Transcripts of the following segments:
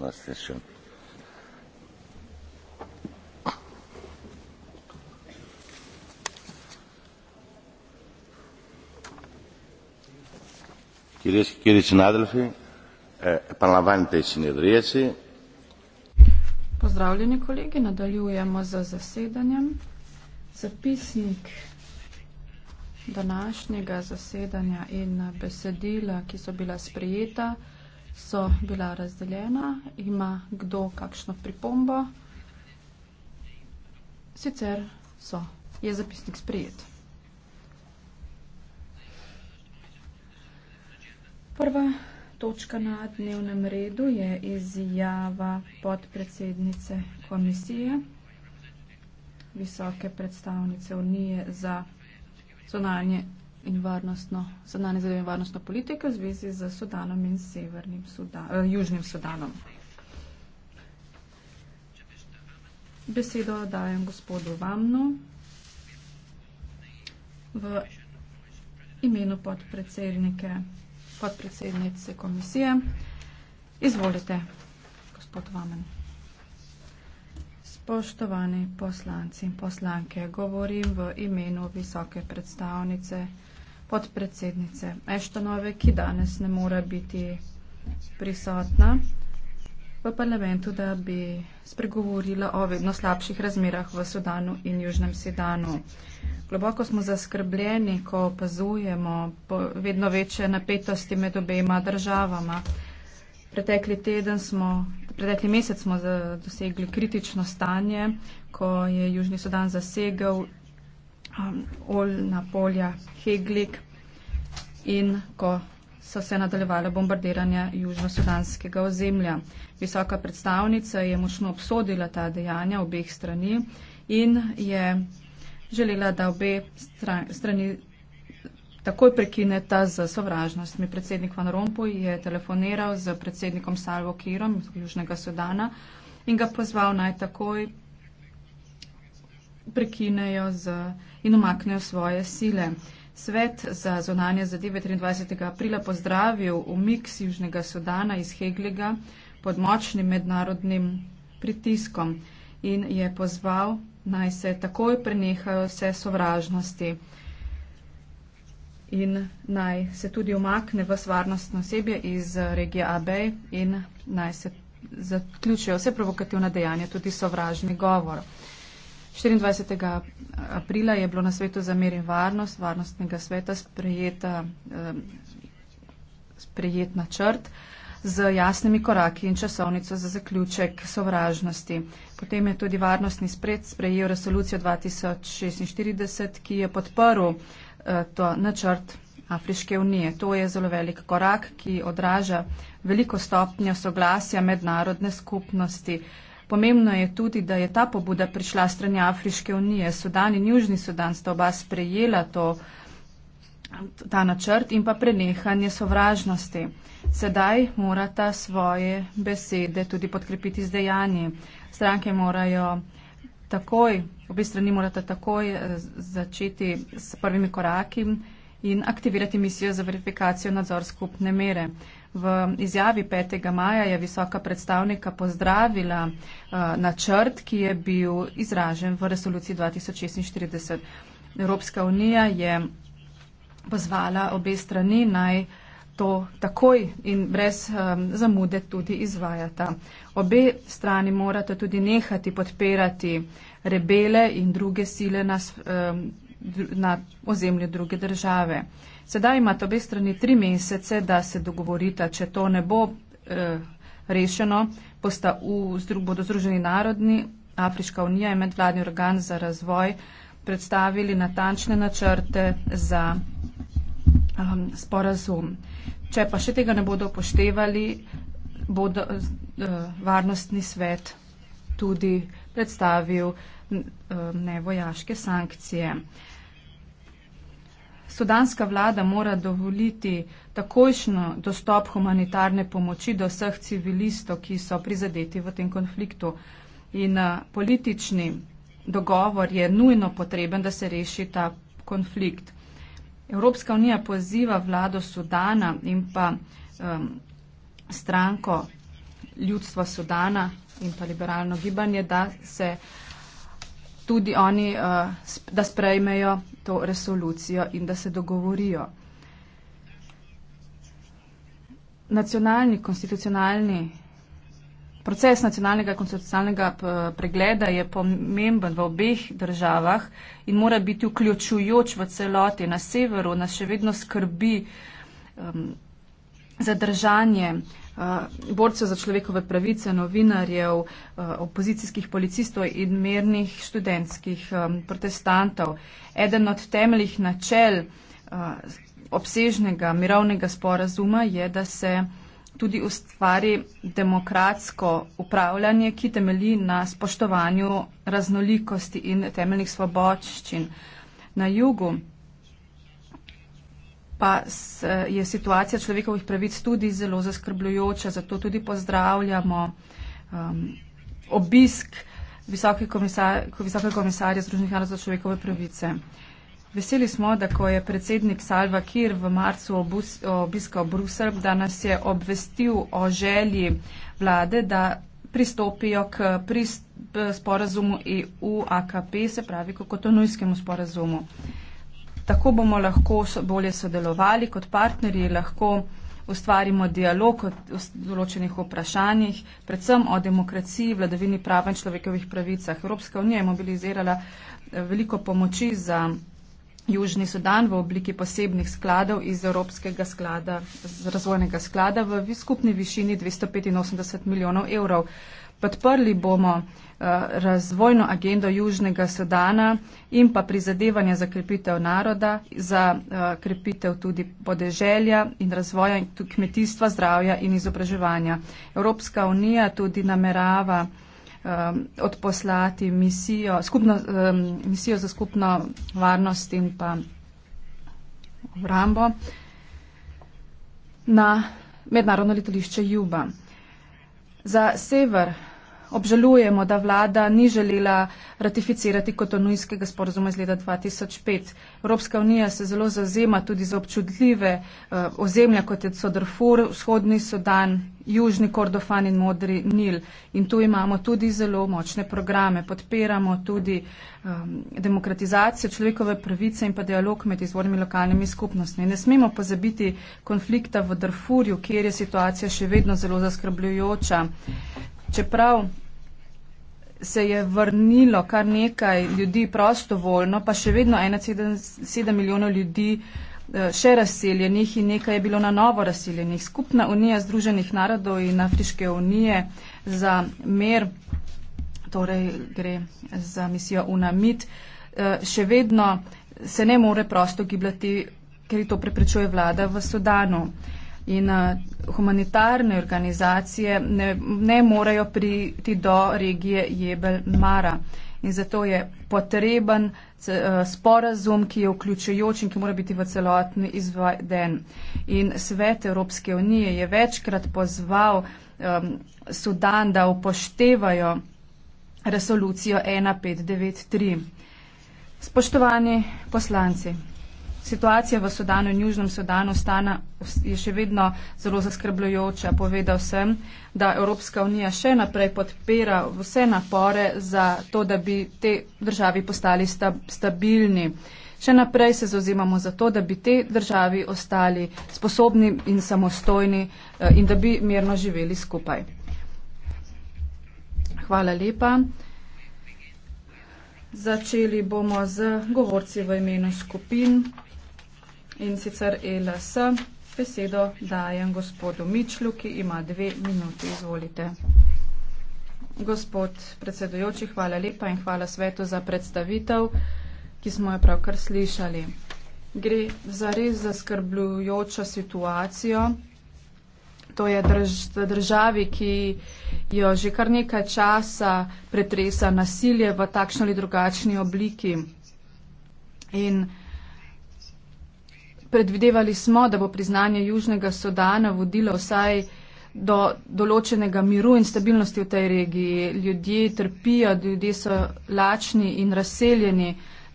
la sesión. Κυρίες και κύριοι συνάδελφοι, επαναλαμβάνεται η συνεδρίαση. Поздравлени колеги, надалюємо за засіданням. Записник današnjega засідання і на беседіла, ki so bila sprijeta, so bila razdeljena. Ima kdo kakšno pripombo? Sicer so. Je zapisnik sprejet. Prva točka na dnevnem redu je izjava podpredsednice komisije visoke predstavnice Unije za zonanje in varnostno, sodane zadeve in varnostno politike v zvezi z Sudanom in Severnim Sudanom, eh, Južnim Sudanom. Besedo dajem gospodu Vamnu v imenu podpredsednike, podpredsednice komisije. Izvolite, gospod Vamen. Spoštovani poslanci in poslanke, govorim v imenu visoke predstavnice, podpredsednice Eštonove, ki danes ne more biti prisotna v parlamentu, da bi spregovorila o vedno slabših razmerah v Sudanu in Južnem Sedanu. Globoko smo zaskrbljeni, ko opazujemo vedno večje napetosti med obema državama. Pretekli teden smo, pretekli mesec smo dosegli kritično stanje, ko je Južni Sudan zasegel um, oljna polja Heglik in ko so se nadaljevale bombardiranja južnosudanskega ozemlja. Visoka predstavnica je močno obsodila ta dejanja obeh strani in je želela, da obe strani takoj prekineta z sovražnostmi. Predsednik Van Rompuy je telefoniral z predsednikom Salvo Kirom iz Južnega Sudana in ga pozval naj takoj prekinejo z, in umaknejo svoje sile. Svet za zonanje zadeve 23. aprila pozdravil umik z Južnega Sudana iz Heglega pod močnim mednarodnim pritiskom in je pozval naj se takoj prenehajo vse sovražnosti in naj se tudi umakne v svarnostno osebje iz eh, regije Abej in naj se zaključijo vse provokativna dejanja, tudi sovražni govor. 24. Eh, aprila je bilo na svetu za mir in varnost varnostnega sveta sprejeta, eh, sprejet načrt z jasnimi koraki in časovnico za zaključek sovražnosti. Potem je tudi varnostni spred sprejel resolucijo 2046, ki je podprl Eh, to načrt Afriške unije. To je zelo velik korak, ki odraža veliko stopnjo soglasja mednarodne skupnosti. Pomembno je tudi, da je ta pobuda prišla strani Afriške unije. Sudan in Južni Sudan sta oba sprejela to, ta načrt in pa prenehanje sovražnosti. Sedaj morata svoje besede tudi podkrepiti z dejanji. Stranke morajo takoj, obi strani morata takoj eh, začeti s prvimi koraki in aktivirati misijo za verifikacijo nadzor skupne mere. V izjavi 5. maja je visoka predstavnika pozdravila uh, načrt, ki je bil izražen v resoluciji 2046. Evropska unija je pozvala obe strani naj to takoj in brez um, zamude tudi izvajata. Obe strani morata tudi nehati podpirati rebele in druge sile na, um, na ozemlju druge države. Sedaj imata obe strani tri mesece, da se dogovorita, če to ne bo uh, rešeno, posta v, bodo Združeni narodni, Afriška unija in medvladni organ za razvoj predstavili natančne načrte za um, sporazum. Če pa še tega ne bodo upoštevali, bo uh, eh, varnostni svet tudi predstavil uh, nevojaške sankcije. Sudanska vlada mora dovoliti takojšno dostop humanitarne pomoči do vseh civilistov, ki so prizadeti v tem konfliktu. In uh, politični dogovor je nujno potreben, da se reši ta konflikt. Evropska unija poziva vlado Sudana in pa um, stranko ljudstva Sudana in pa liberalno gibanje, da se tudi oni, uh, da sprejmejo to resolucijo in da se dogovorijo. Nacionalni, konstitucionalni Proces nacionalnega konceptualnega eh, pregleda je pomemben v obeh državah in mora biti vključujoč v celoti. Na severu nas še vedno skrbi um, zadržanje uh, borcev za človekove pravice, novinarjev, uh, opozicijskih policistov in mernih študentskih um, protestantov. Eden od temeljih načel uh, obsežnega mirovnega sporazuma je, da se tudi ustvari demokratsko upravljanje, ki temelji na spoštovanju raznolikosti in temeljnih svoboščin. Na jugu pa je situacija človekovih pravic tudi zelo zaskrbljujoča, zato tudi pozdravljamo um, obisk visoke komisar, visokega komisarja Združenih narodov za človekove pravice. Uh, Veseli smo, da ko je predsednik Salva Kir v marcu obiskal Brusel, da nas je obvestil o želji vlade, da pristopijo k sporazumu EU-AKP, se pravi k kotonujskemu sporazumu. Tako bomo lahko bolje sodelovali kot partnerji, lahko ustvarimo dialog o določenih vprašanjih, predvsem o demokraciji, vladavini prava in človekovih pravicah. Evropska unija je mobilizirala eh, veliko pomoči za Južni Sudan v obliki posebnih skladov iz Evropskega sklada, z razvojnega sklada v skupni višini 285 milijonov evrov. Podprli bomo eh, razvojno agendo Južnega Sudana in pa prizadevanje za krepitev naroda, za eh, krepitev tudi podeželja in razvoja kmetijstva, zdravja in izobraževanja. Evropska unija tudi namerava um, odposlati misijo, skupno, um, misijo za skupno varnost in pa obrambo na mednarodno letališče Juba. Za sever obžalujemo, da vlada ni želela ratificirati kotonujskega sporozuma iz leta 2005. Evropska unija se zelo zazema tudi za občutljive uh, ozemlja, kot je Codorfur, vzhodni Sudan, južni Kordofan in modri Nil. In tu imamo tudi zelo močne programe. Podpiramo tudi um, demokratizacijo človekove pravice in pa dialog med izvornimi lokalnimi skupnostmi. Ne smemo pozabiti konflikta v Darfurju, kjer je situacija še vedno zelo zaskrbljujoča čeprav se je vrnilo kar nekaj ljudi prostovoljno, pa še vedno 1,7 milijona ljudi eh, še razseljenih in nekaj je bilo na novo razseljenih. Skupna unija Združenih narodov in Afriške unije za mer, torej gre za misijo UNAMID, eh, še vedno se ne more prosto gibljati, ker to preprečuje vlada v Sudanu. In eh, humanitarne organizacije ne, ne morejo priti do regije Jebel Mara. In zato je potreben eh, sporazum, ki je vključujoč in ki mora biti v celotni izveden. In svet Evropske unije je večkrat pozval um, Sudan, da upoštevajo resolucijo 1593. Spoštovani poslanci, situacija v Sudanu in Južnem Sudanu stana, je še vedno zelo zaskrbljujoča. Povedal sem, da Evropska unija še naprej podpira vse napore za to, da bi te državi postali sta, stabilni. Še naprej se zauzimamo za to, da bi te državi ostali sposobni in samostojni eh, in da bi mirno živeli skupaj. Hvala lepa. Začeli bomo z govorci v imenu skupin in sicer ELS. Besedo dajem gospodu Mičlu, ki ima dve minuti. Izvolite. Gospod predsedujoči, hvala lepa in hvala svetu za predstavitev, ki smo jo pravkar slišali. Gre za res zaskrbljujočo situacijo. To je drž državi, ki jo že kar nekaj časa pretresa nasilje v takšni ali drugačni obliki. In Predvidevali smo, da bo priznanje Južnega Sodana vodilo vsaj do določenega miru in stabilnosti v tej regiji. Ljudje trpijo, ljudje so lačni in razseljeni,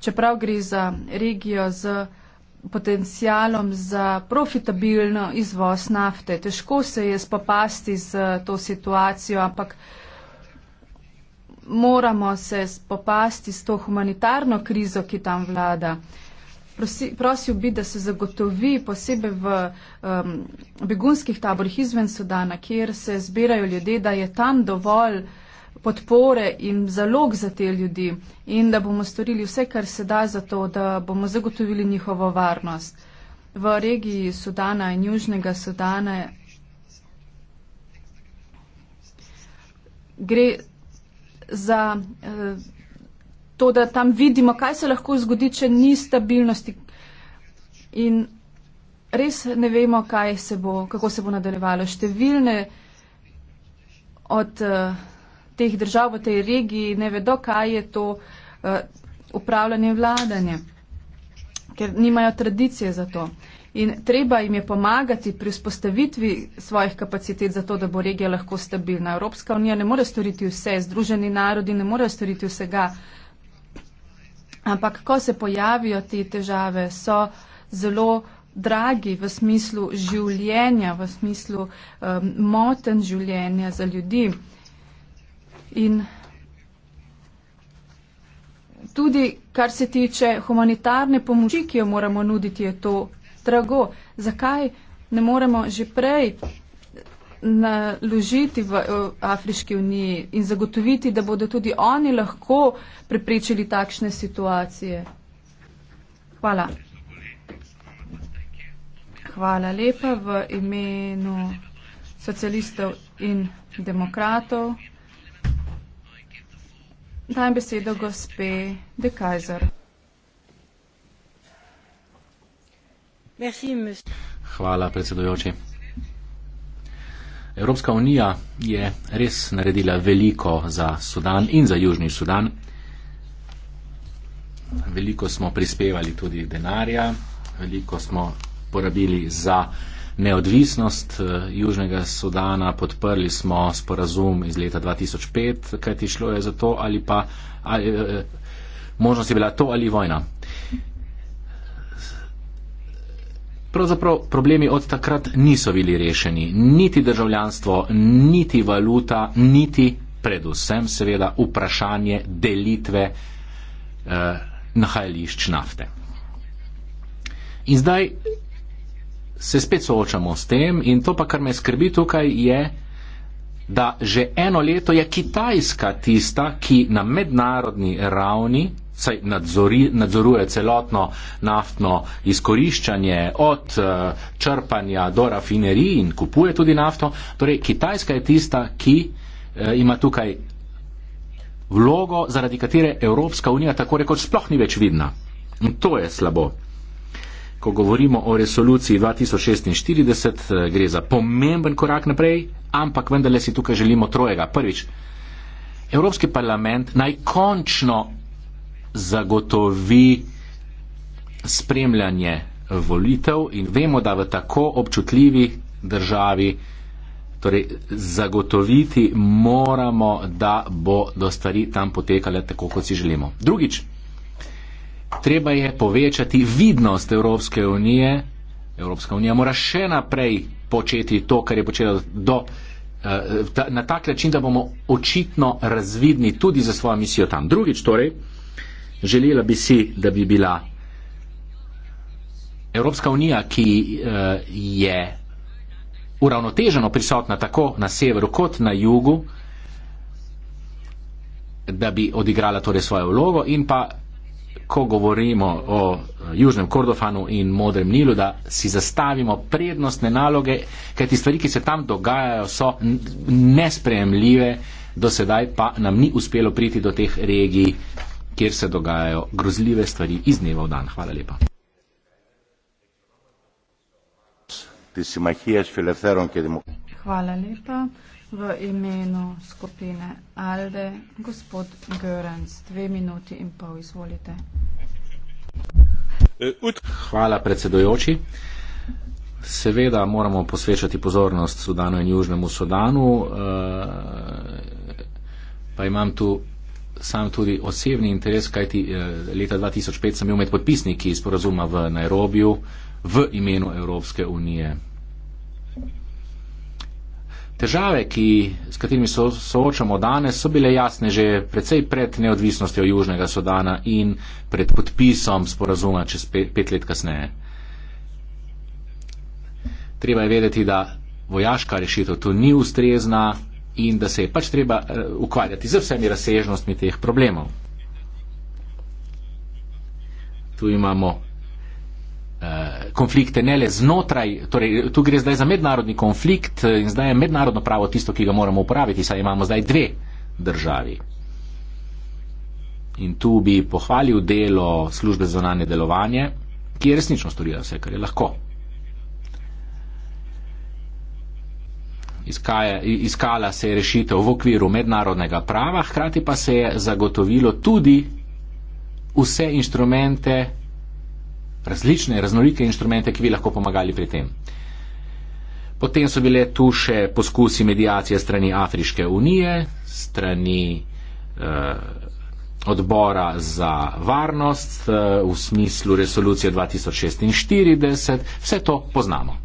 čeprav gre za regijo z potencialom za profitabilno izvoz nafte. Težko se je spopasti z to situacijo, ampak moramo se spopasti s to humanitarno krizo, ki tam vlada prosi, prosil bi, da se zagotovi posebej v um, begunskih taborih izven Sudana, kjer se zbirajo ljudje, da je tam dovolj podpore in zalog za te ljudi in da bomo storili vse, kar se da za to, da bomo zagotovili njihovo varnost. V regiji Sudana in Južnega Sudana gre za. Uh, to, da tam vidimo, kaj se lahko zgodi, če ni stabilnosti. In res ne vemo, se bo, kako se bo nadaljevalo. Številne od uh, teh držav v tej regiji ne vedo, kaj je to uh, upravljanje vladanje, ker nimajo tradicije za to. In treba jim je pomagati pri vzpostavitvi svojih kapacitet za to, da bo regija lahko stabilna. Evropska unija ne more storiti vse, Združeni narodi ne morejo storiti vsega. Uh, Ampak, ko se pojavijo te težave, so zelo dragi v smislu življenja, v smislu um, moten življenja za ljudi. In tudi, kar se tiče humanitarne pomoči, ki jo moramo nuditi, je to drago. Zakaj ne moremo že prej naložiti v e, Afriški uniji in zagotoviti, da bodo tudi oni lahko preprečili takšne situacije? Hvala. Hvala lepa v imenu socialistov in demokratov. Dajem besedo gospe De Kajzer. Hvala, predsedujoči. Evropska unija je res naredila veliko za Sudan in za Južni Sudan. Veliko smo prispevali tudi denarja, veliko smo porabili za neodvisnost eh, Južnega Sudana, podprli smo sporazum iz leta 2005, kaj ti šlo je za to ali pa ali, eh, eh, možnost je bila to ali vojna. Pravzaprav problemi od takrat niso bili rešeni, niti državljanstvo, niti valuta, niti predvsem seveda vprašanje delitve eh, nahajališč nafte. In zdaj se spet soočamo s tem in to pa, kar me skrbi tukaj, je, da že eno leto je Kitajska tista, ki na mednarodni ravni nadzori, nadzoruje celotno naftno izkoriščanje od eh, črpanja do rafinerij in kupuje tudi nafto. Torej, Kitajska je tista, ki eh, ima tukaj vlogo, zaradi katere Evropska unija tako rekoč sploh ni več vidna. In to je slabo. Ko govorimo o resoluciji 2046, eh, gre za pomemben korak naprej, ampak vendarle si tukaj želimo trojega. Prvič, Evropski parlament naj končno zagotovi spremljanje volitev in vemo, da v tako občutljivi državi torej zagotoviti moramo, da bo do stvari tam potekale tako, kot si želimo. Drugič, treba je povečati vidnost Evropske unije. Evropska unija mora še naprej početi to, kar je počela do, eh, na tak način, da bomo očitno razvidni tudi za svojo misijo tam. Drugič, torej, Želela bi si, da bi bila Evropska unija, ki uh, je uravnoteženo prisotna tako na severu kot na jugu, da bi odigrala torej svojo vlogo in pa, ko govorimo o eh, Južnem Kordofanu in Modrem Nilu, da si zastavimo prednostne naloge, kajti stvari, ki se tam dogajajo, so nespremljive, do sedaj pa nam ni uspelo priti do teh regij kjer se dogajajo grozljive stvari iz dneva v dan. Hvala lepa. Hvala lepa. V imenu skupine Alde, gospod Görens, dve minuti in pol, izvolite. Hvala predsedojoči. Seveda moramo posvečati pozornost Sudanu in Južnemu Sudanu, eh, pa imam tu sam tudi osebni interes, kajti eh, leta 2005 sem bil med podpisniki sporazuma v Nairobiju v imenu Evropske unije. Težave, ki, s katerimi se so, soočamo danes, so bile jasne že predvsej pred neodvisnostjo Južnega Sodana in pred podpisom sporazuma čez pet, pet let kasneje. Treba je vedeti, da vojaška rešitev tu ni ustrezna, in da se je pač treba eh, ukvarjati z vsemi razsežnostmi teh problemov. Tu imamo eh, konflikte ne le znotraj, torej tu gre zdaj za mednarodni konflikt eh, in zdaj je mednarodno pravo tisto, ki ga moramo uporabiti, saj imamo zdaj dve državi. In tu bi pohvalil delo službe za nanje delovanje, ki je resnično storila vse, kar je lahko. Izkaja, iskala se je rešitev v okviru mednarodnega prava, hkrati pa se je zagotovilo tudi vse inštrumente, različne, raznolike inštrumente, ki bi lahko pomagali pri tem. Potem so bile tu še poskusi medijacije strani Afriške unije, strani eh, odbora za varnost eh, v smislu resolucije 2046, vse to poznamo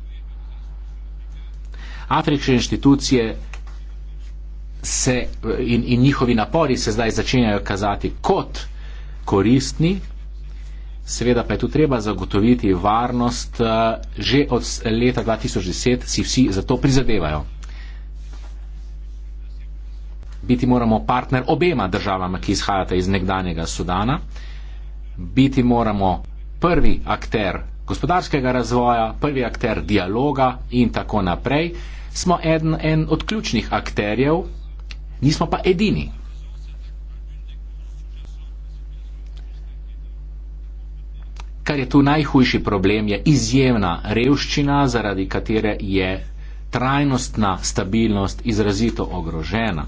afriške inštitucije se, in, in njihovi napori se zdaj začenjajo kazati kot koristni, seveda pa je tu treba zagotoviti varnost, eh, že od leta 2010 si vsi za to prizadevajo. Biti moramo partner obema državama, ki izhajata iz nekdanjega Sudana, biti moramo prvi akter gospodarskega razvoja, prvi akter dialoga in tako naprej, smo eden, en od ključnih akterjev, nismo pa edini. Kar je tu najhujši problem, je izjemna revščina, zaradi katere je trajnostna stabilnost izrazito ogrožena.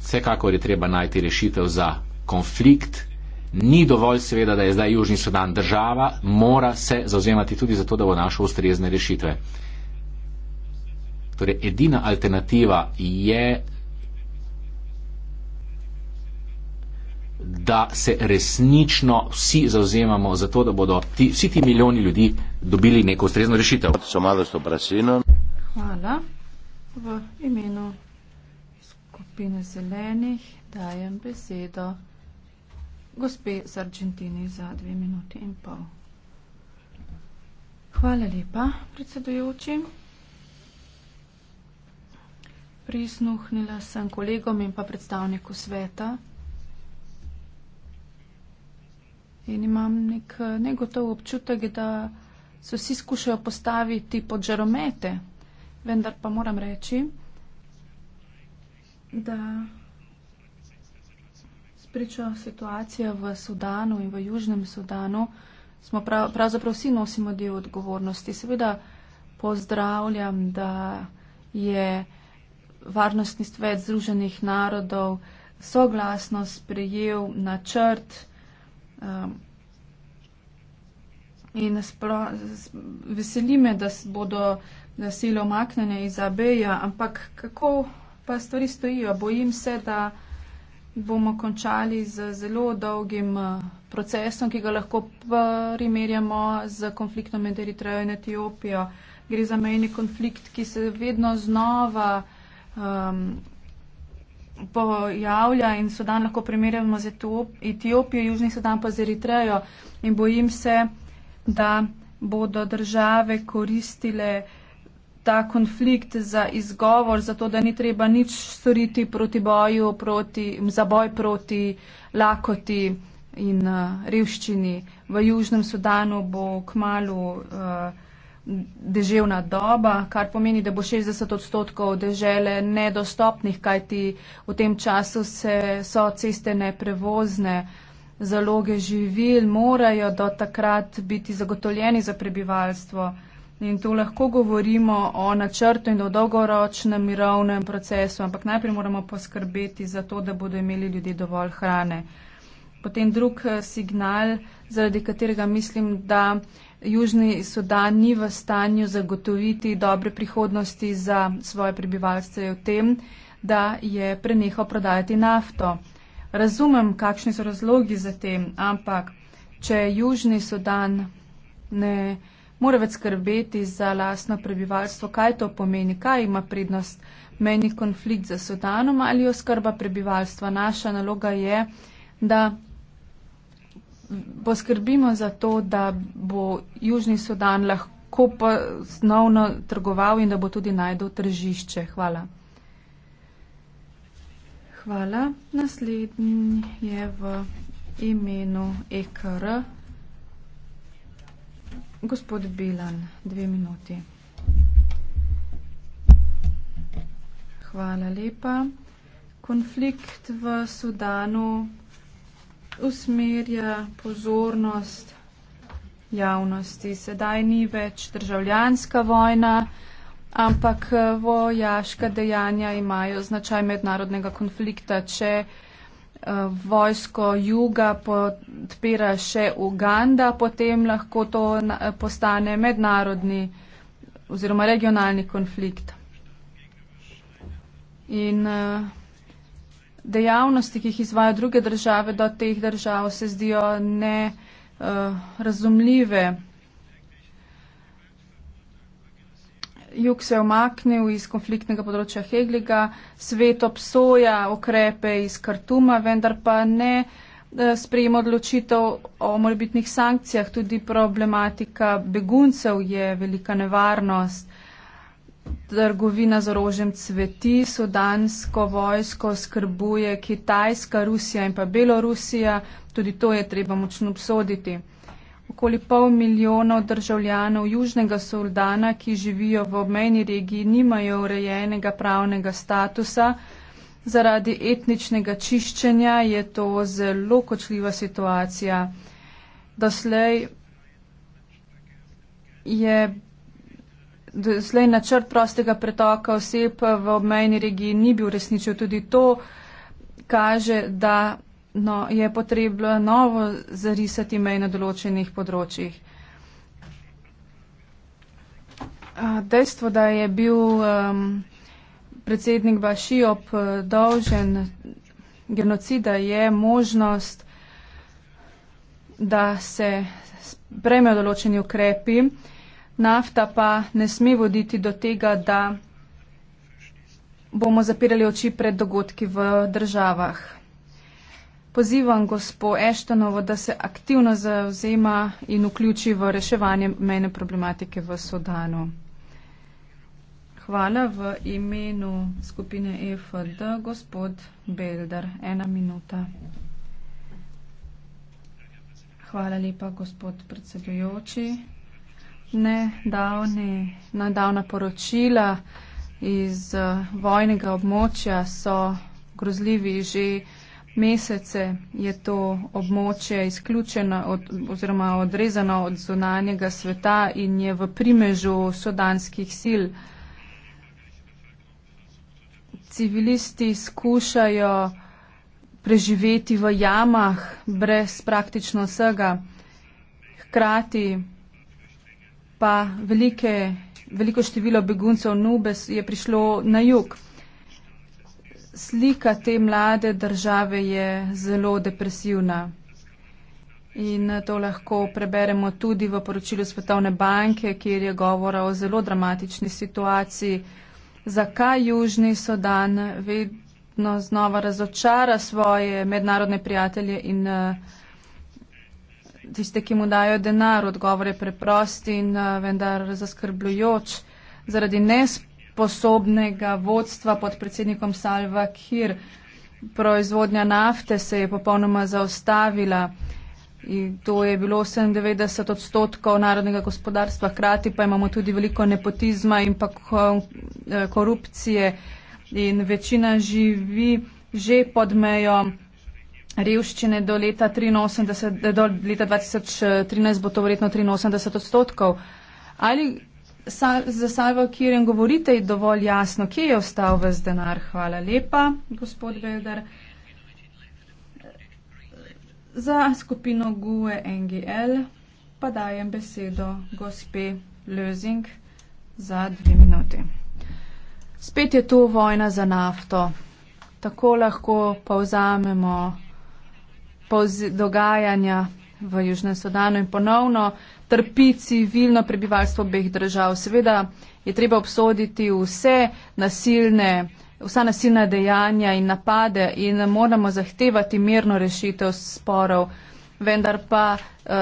Vsekakor je treba najti rešitev za konflikt, ni dovolj seveda, da je zdaj Južni Sudan država, mora se zauzemati tudi za to, da bo našel ustrezne rešitve. Torej, edina alternativa je, da se resnično vsi zauzemamo za to, da bodo ti, vsi ti milijoni ljudi dobili neko ustrezno rešitev. Hvala. V imenu skupine zelenih dajem besedo gospe z Argentini za dve minuti in pol. Hvala lepa, predsedujoči. Prisnuhnila sem kolegom in pa predstavniku sveta in imam nek negotov občutek, da se vsi skušajo postaviti pod žaromete, vendar pa moram reči, da Spričo situacije v Sudanu in v Južnem Sudanu smo prav, pravzaprav vsi nosimo del odgovornosti. Seveda pozdravljam, da je Varnostni svet Združenih narodov soglasno sprejel načrt um, in spra, z, veseli me, da bodo da sile omaknjene iz Abeja, ampak kako pa stvari stojijo? Bojim se, da bomo končali z zelo dolgim eh, procesom, ki ga lahko primerjamo z konfliktom med Eritrejo in Etiopijo. Gre za mejni konflikt, ki se vedno znova um, pojavlja in Sudan lahko primerjamo z Etiopijo, Južni Sudan pa z Eritrejo. In bojim se, da bodo države koristile ta konflikt za izgovor, za to, da ni treba nič storiti proti boju, proti, za boj proti lakoti in uh, revščini. V Južnem Sudanu bo k malu uh, eh, deževna doba, kar pomeni, da bo 60 odstotkov dežele nedostopnih, kajti v tem času se, so ceste neprevozne. Zaloge živil morajo do takrat biti zagotovljeni za prebivalstvo. Uh, In tu lahko govorimo o načrtu in o dolgoročnem mirovnem procesu, ampak najprej moramo poskrbeti za to, da bodo imeli ljudje dovolj hrane. Potem drug eh, signal, zaradi katerega mislim, da Južni Sudan ni v stanju zagotoviti dobre prihodnosti za svoje prebivalstvo, je v tem, da je prenehal prodajati nafto. Razumem, kakšni so razlogi za tem, ampak če Južni Sudan ne mora več skrbeti za lasno prebivalstvo. Kaj to pomeni? Kaj ima prednost? Meni konflikt za Sudanom ali oskrba prebivalstva? Naša naloga je, da poskrbimo za to, da bo Južni Sudan lahko ponovno trgoval in da bo tudi najdel tržišče. Hvala. Hvala. Naslednji je v imenu EKR. Gospod Bilan, dve minuti. Hvala lepa. Konflikt v Sudanu usmerja pozornost javnosti. Sedaj ni več državljanska vojna, ampak vojaška dejanja imajo značaj mednarodnega konflikta. Če vojsko juga podpira še Uganda, potem lahko to postane mednarodni oziroma regionalni konflikt. In eh, dejavnosti, ki jih izvajo druge države do teh držav, se zdijo ne eh, razumljive. jug se je omaknil iz konfliktnega področja Hegliga, svet obsoja okrepe iz Kartuma, vendar pa ne eh, sprejemo odločitev o morbitnih sankcijah, tudi problematika beguncev je velika nevarnost. Trgovina z orožjem cveti, sudansko vojsko skrbuje Kitajska, Rusija in pa Belorusija, tudi to je treba močno obsoditi okoli pol milijonov državljanov Južnega Soldana, ki živijo v obmejni regiji, nimajo urejenega pravnega statusa. Zaradi etničnega čiščenja je to zelo kočljiva situacija. Doslej je doslej načrt prostega pretoka oseb v obmejni regiji ni bil resničen. Tudi to kaže, da no, je potrebno novo zarisati meje na določenih področjih. Dejstvo, da je bil um, predsednik Baši ob eh, dolžen genocida, je možnost, da se spremejo določeni ukrepi. Nafta pa ne sme voditi do tega, da bomo zapirali oči pred dogodki v državah pozivam gospo Eštonovo, da se aktivno zauzema in vključi v reševanje mejne problematike v Sudanu. Hvala v imenu skupine EFD, gospod Beldar. Ena minuta. Hvala lepa, gospod predsedujoči. Nedavni, nedavna poročila iz eh, vojnega območja so grozljivi že mesece je to območje izključeno od, oziroma odrezano od zunanjega sveta in je v primežu sudanskih sil. Civilisti skušajo preživeti v jamah brez praktično vsega, hkrati pa velike, veliko število beguncev Nubes je prišlo na jug slika te mlade države je zelo depresivna. In to lahko preberemo tudi v poročilu Svetovne banke, kjer je govora o zelo dramatični situaciji. Zakaj Južni Sudan vedno znova razočara svoje mednarodne prijatelje in eh, tiste, ki mu dajo denar? Odgovor je preprost in eh, vendar zaskrbljujoč. Zaradi nespremljivosti sposobnega vodstva pod predsednikom Salva Kir. Proizvodnja nafte se je popolnoma zaustavila. In to je bilo 97 odstotkov narodnega gospodarstva, hkrati pa imamo tudi veliko nepotizma in pa eh, korupcije. In večina živi že pod mejo revščine do leta, 83, do leta 2013, bo to verjetno 83 odstotkov. Ali sal, za Salvo Kirjen govorite dovolj jasno, kje je ostal ves denar. Hvala lepa, gospod Veldar. Za skupino GUE NGL pa dajem besedo gospe Lözing za dve minuti. Spet je tu vojna za nafto. Tako lahko povzamemo dogajanja v Južnem Sudanu in ponovno trpi civilno prebivalstvo obeh držav. Seveda je treba obsoditi vse nasilne, vsa nasilna dejanja in napade in moramo zahtevati mirno rešitev sporov. Vendar pa uh,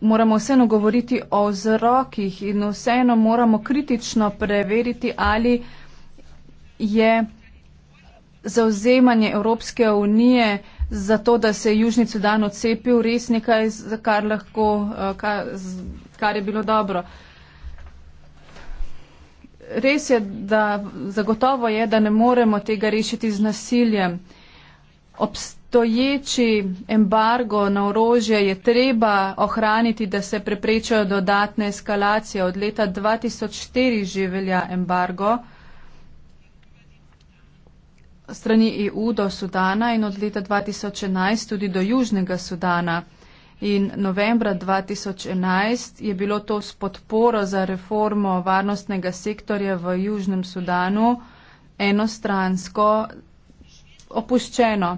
moramo vseeno govoriti o vzrokih in vseeno moramo kritično preveriti, ali je zauzemanje Evropske unije uh, za to, da se je Južni Sudan odcepil, res nekaj, kar, lahko, eh, kar, kar je bilo dobro. Res je, da zagotovo je, da ne moremo tega rešiti z nasiljem. Obstoječi embargo na orožje je treba ohraniti, da se preprečajo dodatne eskalacije. Od leta 2004 že velja embargo strani EU do Sudana in od leta 2011 tudi do Južnega Sudana. In novembra 2011 je bilo to s podporo za reformo varnostnega sektorja v Južnem Sudanu enostransko opuščeno.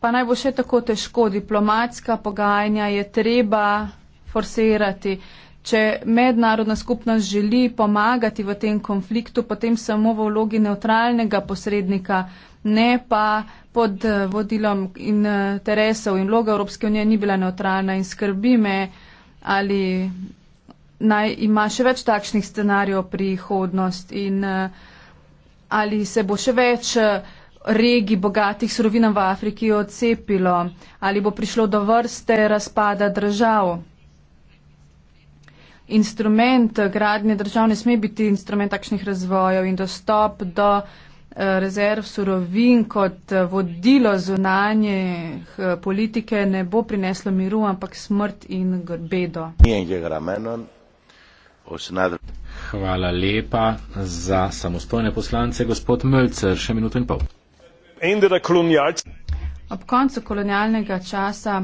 Pa naj bo še tako težko, diplomatska pogajanja je treba forsirati. Če mednarodna skupnost želi pomagati v tem konfliktu, potem samo v vlogi neutralnega posrednika, ne pa pod eh, vodilom eh, interesov in vloga Evropske unije ni bila neutralna in skrbi me, ali naj ima še več takšnih scenarijev prihodnost in eh, ali se bo še več regij bogatih surovinam v Afriki odcepilo, ali bo prišlo do vrste razpada držav instrument gradnje držav ne sme biti instrument takšnih razvojev in dostop do eh, rezerv surovin kot eh, vodilo zunanje eh, politike ne bo prineslo miru, ampak smrt in bedo. Hvala lepa za samostojne poslance, gospod Mölcer, še minuto in pol. Ob koncu kolonialnega časa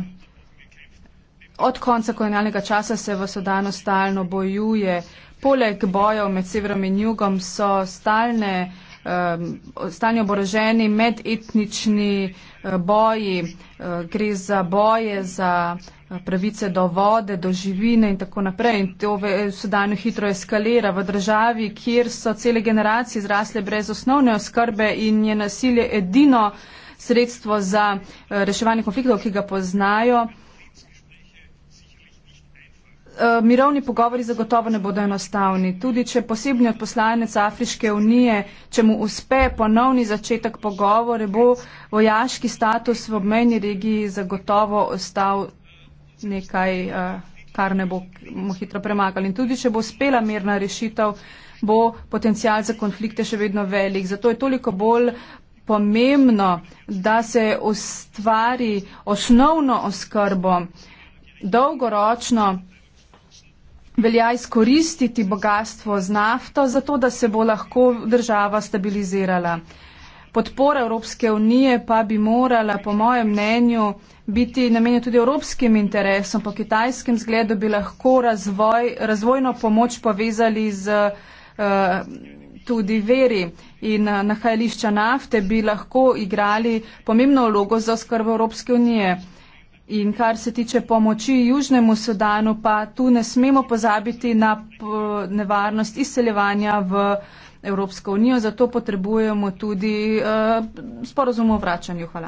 od konca kolonialnega časa se v Sudanu stalno bojuje. Poleg bojev med severom in jugom so stalne, um, stalni oboroženi medetnični eh, boji, uh, gre za boje, za eh, pravice do vode, do živine in tako naprej. In to v Sudanu hitro eskalira v državi, kjer so cele generacije zrasle brez osnovne oskrbe in je nasilje edino sredstvo za reševanje konfliktov, ki ga poznajo. Eh, mirovni pogovori zagotovo ne bodo enostavni. Tudi če posebni odposlanec Afriške unije, če mu uspe ponovni začetek pogovore, bo vojaški status v obmejni regiji zagotovo ostal nekaj, eh, kar ne bomo hitro premagali. In tudi če bo uspela mirna rešitev, bo potencial za konflikte še vedno velik. Zato je toliko bolj pomembno, da se ustvari osnovno oskrbo dolgoročno velja izkoristiti bogatstvo z nafto, zato da se bo lahko država stabilizirala. Podpora Evropske unije pa bi morala, po mojem mnenju, biti namenjena tudi evropskim interesom. Po kitajskem zgledu bi lahko razvoj, razvojno pomoč povezali z uh, tudi veri in eh, nahajališča nafte, bi lahko igrali pomembno vlogo za oskrbo Evropske unije. In kar se tiče pomoči Južnemu Sudanu, pa tu ne smemo pozabiti na nevarnost izseljevanja v Evropsko unijo, zato potrebujemo tudi uh, eh, sporozum o vračanju. Hvala.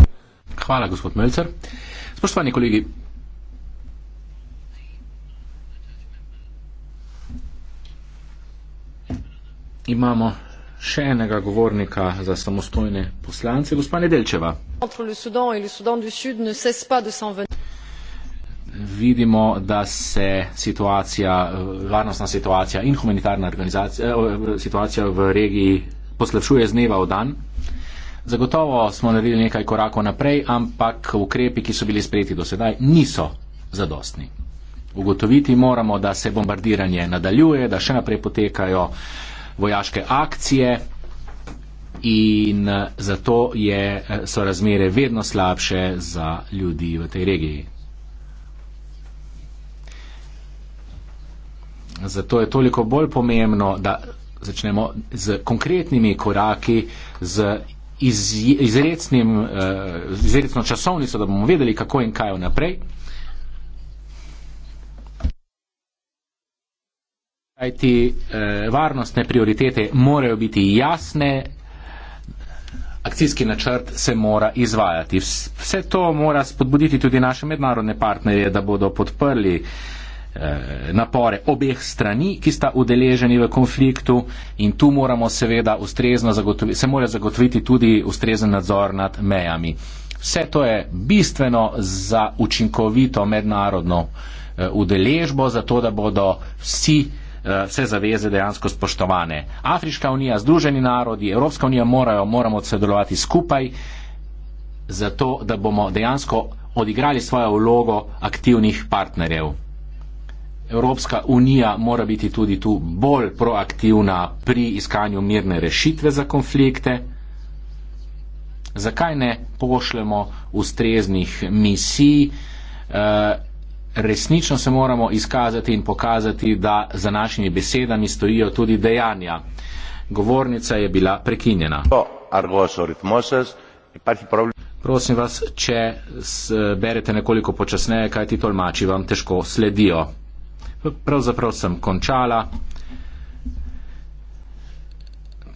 Hvala, gospod Melcer. Spoštovani kolegi. Imamo še enega govornika za samostojne poslance, gospa Nedelčeva vidimo, da se situacija, varnostna situacija in humanitarna eh, situacija v regiji poslabšuje z dneva v dan. Zagotovo smo naredili nekaj korakov naprej, ampak ukrepi, ki so bili sprejeti do sedaj, niso zadostni. Ugotoviti moramo, da se bombardiranje nadaljuje, da še naprej potekajo vojaške akcije in eh, zato je, eh, so razmere vedno slabše za ljudi v tej regiji. Zato je toliko bolj pomembno, da začnemo z konkretnimi koraki, z iz, izredno eh, časovnico, da bomo vedeli, kako in kaj naprej. Kaj ti eh, varnostne prioritete morajo biti jasne, akcijski načrt se mora izvajati. Vse to mora spodbuditi tudi naše mednarodne partnerje, da bodo podprli eh, Eh, napore obeh strani, ki sta udeleženi v konfliktu in tu moramo seveda ustrezno zagotoviti, se mora zagotoviti tudi ustrezen nadzor nad mejami. Vse to je bistveno za učinkovito mednarodno eh, udeležbo, zato da bodo vsi, eh, vse zaveze dejansko spoštovane. Afriška unija, Združeni narodi, Evropska unija morajo, moramo sodelovati skupaj, zato da bomo dejansko odigrali svojo vlogo aktivnih partnerjev. Evropska unija mora biti tudi tu bolj proaktivna pri iskanju mirne rešitve za konflikte. Zakaj ne pošljemo ustreznih misij? Eh, resnično se moramo izkazati in pokazati, da za našimi besedami stojijo tudi dejanja. Govornica je bila prekinjena. Prosim vas, če berete nekoliko počasneje, kaj ti tolmači vam težko sledijo pravzaprav sem končala.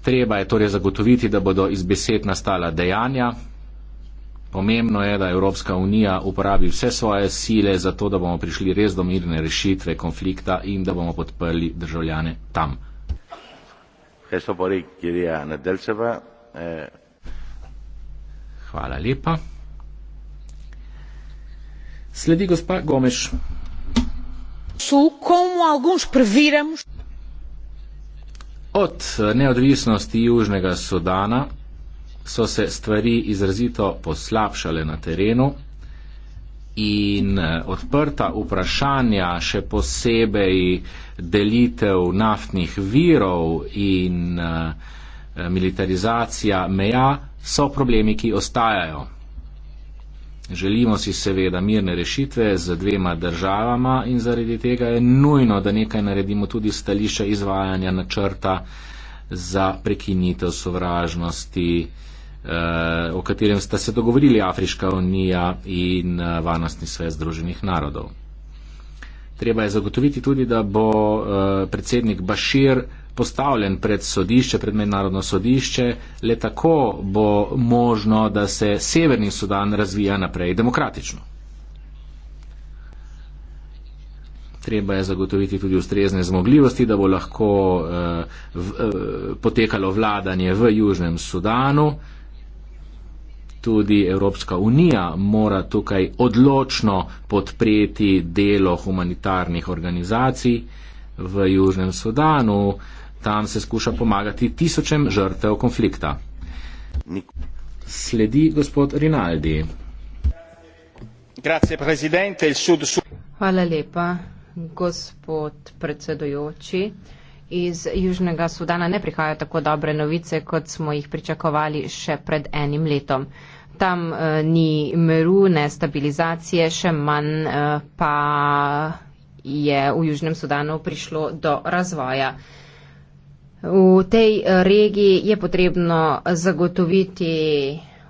Treba je torej zagotoviti, da bodo iz besed nastala dejanja. Pomembno je, da Evropska unija uporabi vse svoje sile za to, da bomo prišli res do mirne rešitve konflikta in da bomo podprli državljane tam. Eh. Hvala lepa. Sledi gospa Gomeš. Sul, como alguns previramos. Od neodvisnosti Južnega Sudana so se stvari izrazito poslabšale na terenu in eh, odprta vprašanja, še posebej delitev naftnih virov in eh, eh, militarizacija meja, so problemi, ki ostajajo. Želimo si seveda mirne rešitve z dvema državama in zaradi tega je nujno, da nekaj naredimo tudi stališča izvajanja načrta za prekinitev sovražnosti, eh, o katerem sta se dogovorili Afriška unija in eh, Varnostni svet Združenih narodov. Treba je zagotoviti tudi, da bo eh, predsednik Bašir postavljen pred sodišče, pred mednarodno sodišče, le tako bo možno, da se Severni Sudan razvija naprej demokratično. Treba je zagotoviti tudi ustrezne zmogljivosti, da bo lahko eh, v, eh, potekalo vladanje v Južnem Sudanu. Tudi Evropska unija mora tukaj odločno podpreti delo humanitarnih organizacij v Južnem Sudanu. Eh, Tam se skuša pomagati tisočem žrtev konflikta. Sledi gospod Rinaldi. Hvala lepa, gospod predsedujoči. Iz Južnega Sudana ne prihajajo tako dobre novice, kot smo jih pričakovali še pred enim letom. Tam eh, ni miru, ne stabilizacije, še manj eh, pa je v Južnem Sudanu prišlo do razvoja. Eh, V tej eh, regiji je potrebno zagotoviti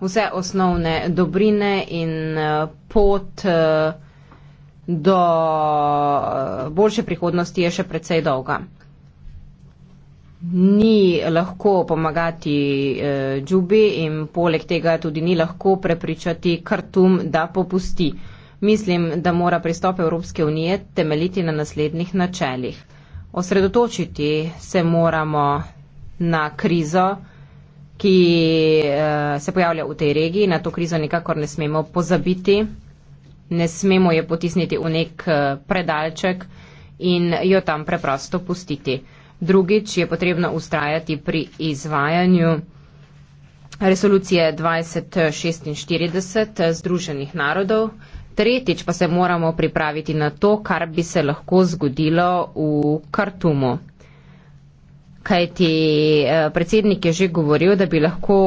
vse osnovne dobrine in eh, pot eh, do boljše prihodnosti je še predvsej dolga. Ni lahko pomagati eh, džubi in poleg tega tudi ni lahko prepričati kartum, da popusti. Mislim, da mora pristop Evropske unije temeljiti na naslednjih načelih osredotočiti se moramo na krizo, ki eh, se pojavlja v tej regiji. Na to krizo nikakor ne smemo pozabiti, ne smemo jo potisniti v nek eh, predalček in jo tam preprosto pustiti. Drugič je potrebno ustrajati pri izvajanju resolucije 2046 Združenih narodov, Tretjič pa se moramo pripraviti na to, kar bi se lahko zgodilo v Kartumu. Kajti eh, predsednik je že govoril, da bi lahko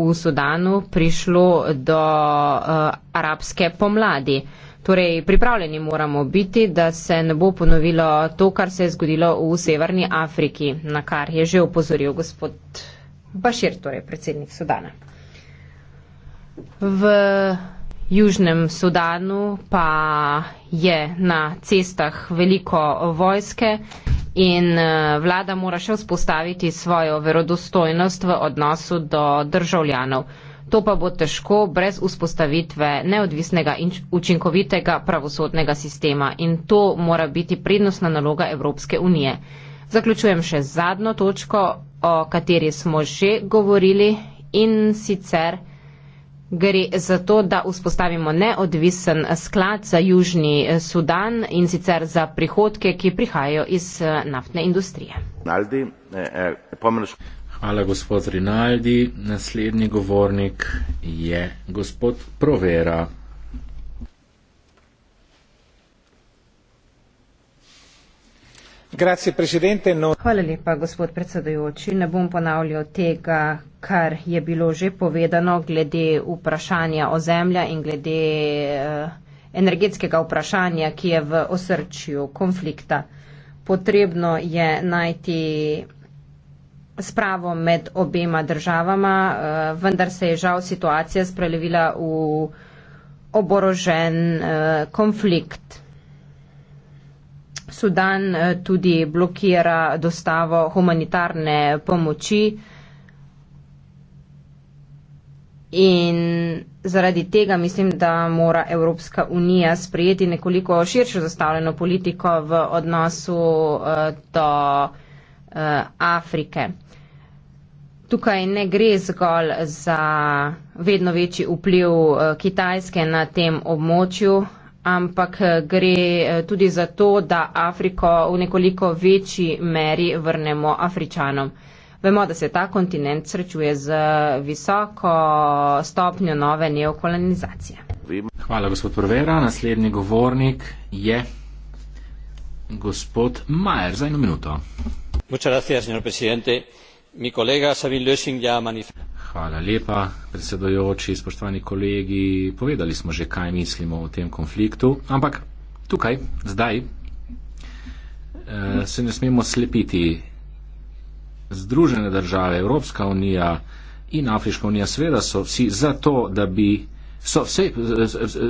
v Sudanu prišlo do uh, arabske pomladi. Torej, pripravljeni moramo biti, da se ne bo ponovilo to, kar se je zgodilo v Severni Afriki, na kar je že upozoril gospod Bašir, torej predsednik Sudana. V Južnem Sudanu pa je na cestah veliko vojske in eh, vlada mora še vzpostaviti svojo verodostojnost v odnosu do državljanov. To pa bo težko brez vzpostavitve neodvisnega in učinkovitega pravosodnega sistema in to mora biti prednostna naloga Evropske unije. Zaključujem še zadnjo točko, o kateri smo že govorili in sicer. Gre za to, da vzpostavimo neodvisen sklad za Južni eh, Sudan in sicer za prihodke, ki prihajajo iz eh, naftne industrije. Naldi, eh, eh, Hvala, gospod Rinaldi. Naslednji govornik je gospod Provera. No- Hvala lepa, gospod predsedujoči. Ne bom ponavljal tega, kar je bilo že povedano glede vprašanja ozemlja in glede eh, energetskega vprašanja, ki je v osrčju konflikta. Potrebno je najti spravo med obema državama, eh, vendar se je žal situacija sprelevila v oborožen eh, konflikt. Sudan tudi blokira dostavo humanitarne pomoči. In zaradi tega mislim, da mora Evropska unija sprejeti nekoliko širšo zastavljeno politiko v odnosu eh, do eh, Afrike. Tukaj ne gre zgolj za vedno večji vpliv eh, Kitajske na tem območju, ampak gre tudi za to, da Afriko v nekoliko večji meri vrnemo Afričanom. Vemo, da se ta kontinent srečuje z visoko stopnjo nove neokolonizacije. Hvala, gospod Provera. Naslednji govornik je gospod Majer. Za eno minuto. Hvala lepa, predsedojoči, spoštovani kolegi. Povedali smo že, kaj mislimo o tem konfliktu, ampak tukaj, zdaj, eh, se ne smemo slepiti Združene države, Evropska unija in Afriška unija, seveda so vsi za to, da bi. So, vse,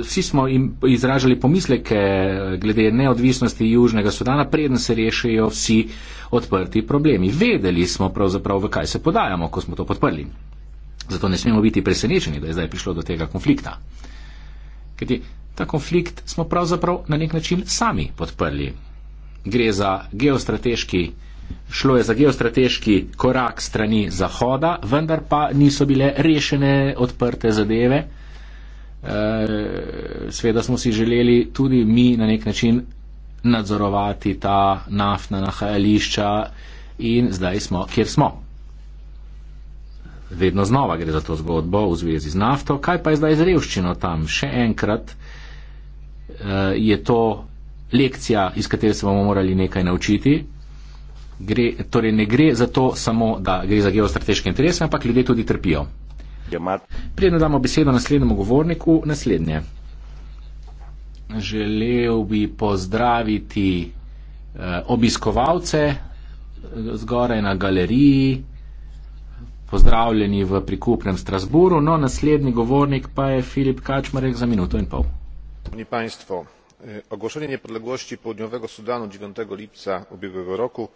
vsi smo izražali pomisleke glede neodvisnosti Južnega Sudana, preden se rešijo vsi odprti problemi. Vedeli smo pravzaprav, v kaj se podajamo, ko smo to podprli. Zato ne smemo biti presenečeni, da je zdaj prišlo do tega konflikta. Kajti ta konflikt smo pravzaprav na nek način sami podprli. Gre za geostrateški konflikt. Šlo je za geostrateški korak strani Zahoda, vendar pa niso bile rešene odprte zadeve. E, sveda smo si želeli tudi mi na nek način nadzorovati ta naftna nahajališča in zdaj smo, kjer smo. Vedno znova gre za to zgodbo v zvezi z nafto. Kaj pa je zdaj z revščino tam? Še enkrat e, je to lekcija, iz katere se bomo morali nekaj naučiti gre, torej ne gre za to samo, da gre za geostrateške interese, ampak ljudje tudi trpijo. Prijedno damo besedo naslednjemu govorniku. Naslednje. Želel bi pozdraviti eh, obiskovalce eh, zgoraj na galeriji. Pozdravljeni v prikupnem Strasburu. No, naslednji govornik pa je Filip Kačmarek za minuto in pol. Dobni państwo, e, ogłoszenie niepodległości południowego Sudanu 9 lipca ubiegłego roku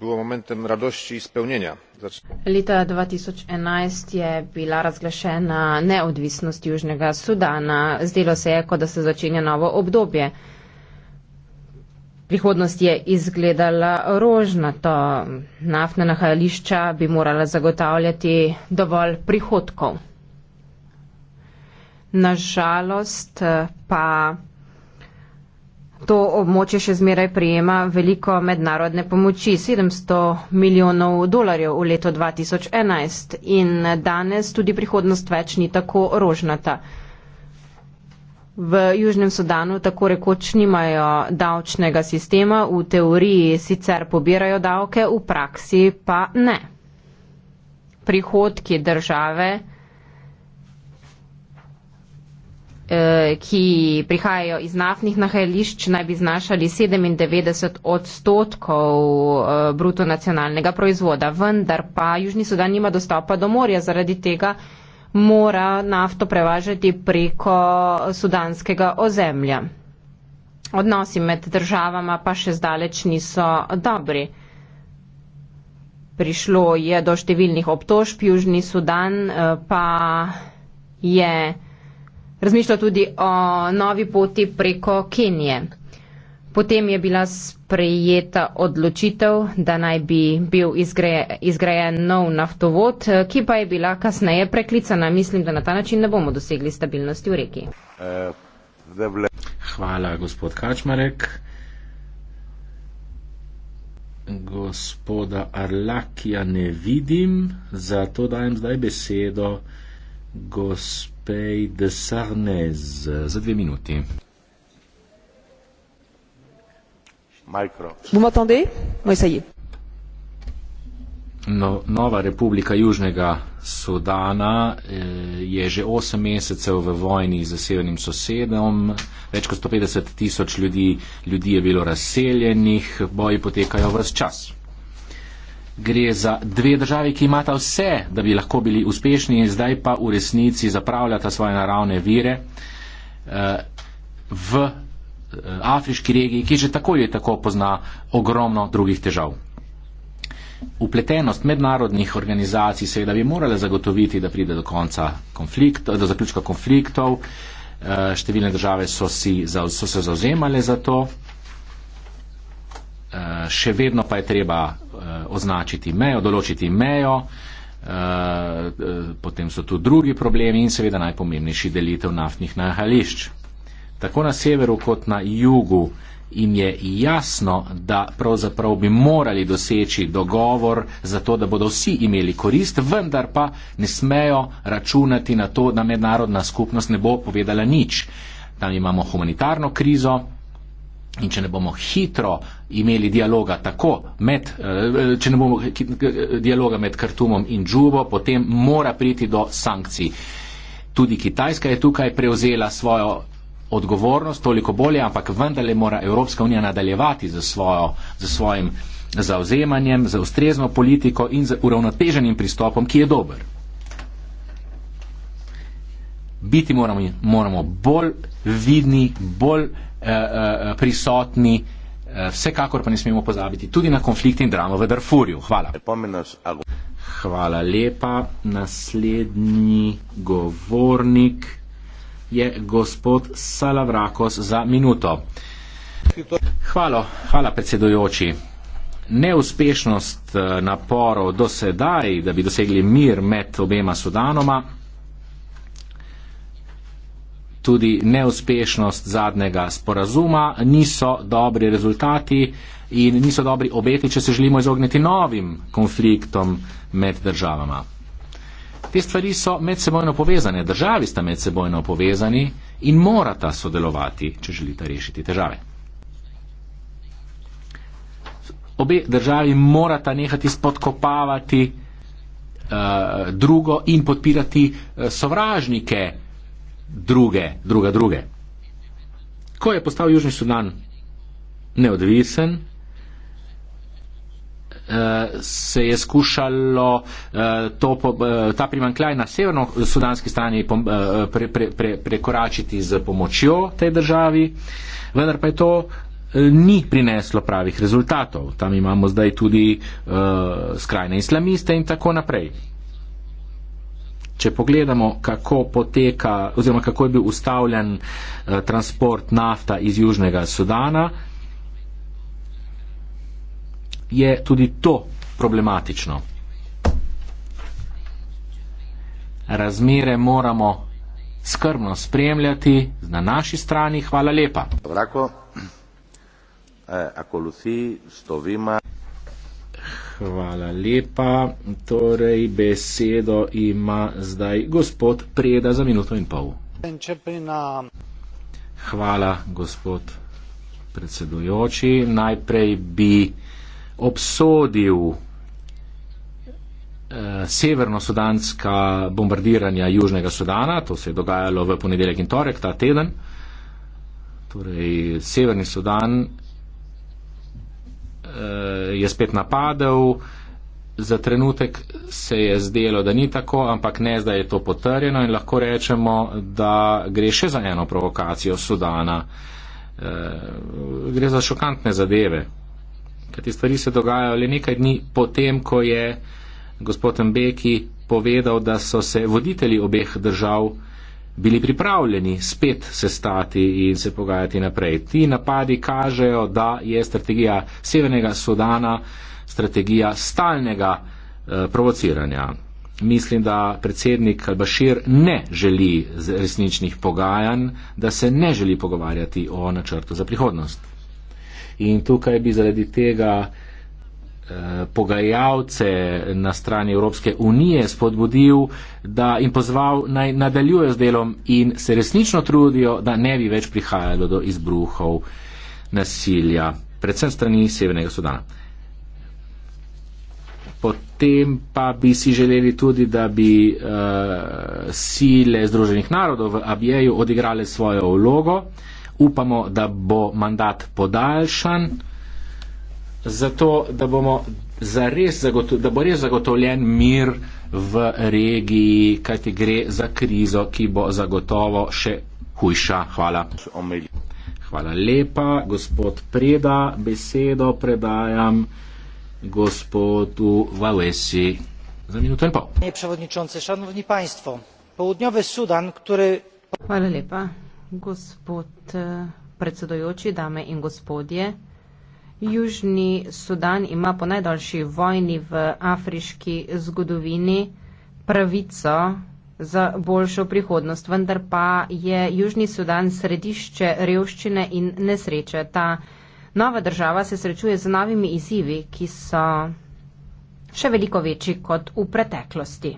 było momentem radości i spełnienia. Lita 2011 je bila razglašena neodvisnost Južnega Sudana. Zdelo se je, kot da se začenja novo obdobje. Prihodnost je izgledala rožnato. Naftna nahajališča bi morala zagotavljati dovolj prihodkov. Nažalost pa. To območje še zmeraj prijema veliko mednarodne pomoči, 700 milijonov dolarjev v leto 2011 in danes tudi prihodnost več ni tako rožnata. V Južnem Sudanu tako rekoč nimajo davčnega sistema, v teoriji sicer pobirajo davke, v praksi pa ne. Prihodki države Eh, ki prihajajo iz naftnih nahajališč, naj bi znašali 97 odstotkov eh, bruto nacionalnega proizvoda. Vendar pa Južni Sudan nima dostopa do morja, zaradi tega mora nafto prevažati preko sudanskega ozemlja. Odnosi med državama pa še zdaleč niso dobri. Prišlo je do številnih obtožb, Južni Sudan eh, pa je. Razmišlja tudi o novi poti preko Kenije. Potem je bila sprejeta odločitev, da naj bi bil izgrajen, izgrajen nov naftovod, ki pa je bila kasneje preklicana. Mislim, da na ta način ne bomo dosegli stabilnosti v reki. Hvala, gospod Kačmarek. Gospoda Arlakija ne vidim, zato dajem zdaj besedo gospodinu. Pompei de Sarnez za dve minuti. Vous m'entendez? Oui, ça y est. No, nova republika Južnega Sudana eh, je že 8 mesecev v vojni z severnim sosedom, več kot 150 tisoč ljudi, ljudi je bilo razseljenih, boji potekajo vse čas. Gre za dve državi, ki imata vse, da bi lahko bili uspešni in zdaj pa v resnici zapravljata svoje naravne vire eh, v eh, afriški regiji, ki že tako je tako pozna ogromno drugih težav. Upletenost mednarodnih organizacij seveda bi morala zagotoviti, da pride do konca konflikt, do zaključka konfliktov. Eh, številne države so, si, so se zauzemale za to. Še vedno pa je treba označiti mejo, določiti mejo, eh, eh, potem so tu drugi problemi in seveda najpomembnejši delitev naftnih nahališč. Tako na severu kot na jugu jim je jasno, da pravzaprav bi morali doseči dogovor za to, da bodo vsi imeli korist, vendar pa ne smejo računati na to, da mednarodna skupnost ne bo povedala nič. Tam imamo humanitarno krizo, In če ne bomo hitro imeli dialoga, tako, med, eh, če ne bomo eh, dialoga med Kartumom in Džubo, potem mora priti do sankcij. Tudi Kitajska je tukaj prevzela svojo odgovornost, toliko bolje, ampak vendarle mora Evropska unija nadaljevati za, svojo, za svojim zauzemanjem, za ustrezno politiko in za uravnoteženim pristopom, ki je dober. Biti moramo, moramo bolj vidni, bolj. Eh, eh, prisotni, eh, vsekakor pa ne smemo pozabiti tudi na konflikt in dramo v Darfurju. Hvala. Hvala lepa. Naslednji govornik je gospod Salavrakos za minuto. Hvala, hvala predsedujoči. Neuspešnost naporov do sedaj, da bi dosegli mir med obema Sudanoma, tudi neuspešnost zadnjega sporazuma, niso dobri rezultati in niso dobri obeti, če se želimo izogniti novim konfliktom med državama. Te stvari so medsebojno povezane, državi sta medsebojno povezani in morata sodelovati, če želita rešiti težave. Obe državi morata nehati spodkopavati uh, drugo in podpirati uh, sovražnike, druge, druga druge. Ko je postal Južni Sudan neodvisen, eh, se je skušalo eh, to, eh, ta primankljaj na severno-sudanski strani pre, pre, pre, prekoračiti z pomočjo tej državi, vendar pa je to ni prineslo pravih rezultatov. Tam imamo zdaj tudi skrajne islamiste in tako naprej. Če pogledamo, kako poteka oziroma kako je bil ustavljen eh, transport nafta iz Južnega Sudana, je tudi to problematično. Razmere moramo skrbno spremljati na naši strani. Hvala lepa. Eh, ako Luci stovima. Hvala lepa. Torej, besedo ima zdaj gospod Preda za minuto in pol. Hvala, gospod predsedujoči. Najprej bi obsodil eh, severno-sudanska bombardiranja Južnega Sudana. To se je dogajalo v ponedeljek in torek ta teden. Torej, Severni Sudan Eh, je spet napadel, za trenutek se je zdelo, da ni tako, ampak ne zdaj je to potrjeno in lahko rečemo, da gre še za eno provokacijo Sudana. Eh, gre za šokantne zadeve, ker te stvari se dogajajo le nekaj dni potem, ko je gospod Mbeki povedal, da so se voditelji obeh držav bili pripravljeni spet se stati in se pogajati naprej. Ti napadi kažejo, da je strategija Severnega Sudana strategija stalnega eh, provociranja. Mislim, da predsednik Al-Bashir ne želi resničnih pogajanj, da se ne želi pogovarjati o načrtu za prihodnost. In tukaj bi zaradi tega Eh, pogajalce na strani Evropske unije spodbudil da, in pozval naj nadaljujejo z delom in se resnično trudijo, da ne bi več prihajalo do izbruhov nasilja, predvsem strani Severnega Sudana. Potem pa bi si želeli tudi, da bi uh, sile Združenih narodov v Abjeju odigrale svojo vlogo. Upamo, da bo mandat podaljšan. Uh, zato, da bomo zares zagotovljen, da bo res zagotovljen mir v regiji, kajti gre za krizo, ki bo zagotovo še hujša. Hvala. Hvala lepa, gospod Preda, besedo predajam gospodu Valesi za minuto in pol. Ne, predsedujoči, šanovni panstvo, povdnjove Sudan, ki. Hvala lepa, gospod predsedujoči, dame in gospodje. Južni Sudan ima po najdaljši vojni v afriški zgodovini pravico za boljšo prihodnost, vendar pa je Južni Sudan središče revščine in nesreče. Ta nova država se srečuje z novimi izzivi, ki so še veliko večji kot v preteklosti.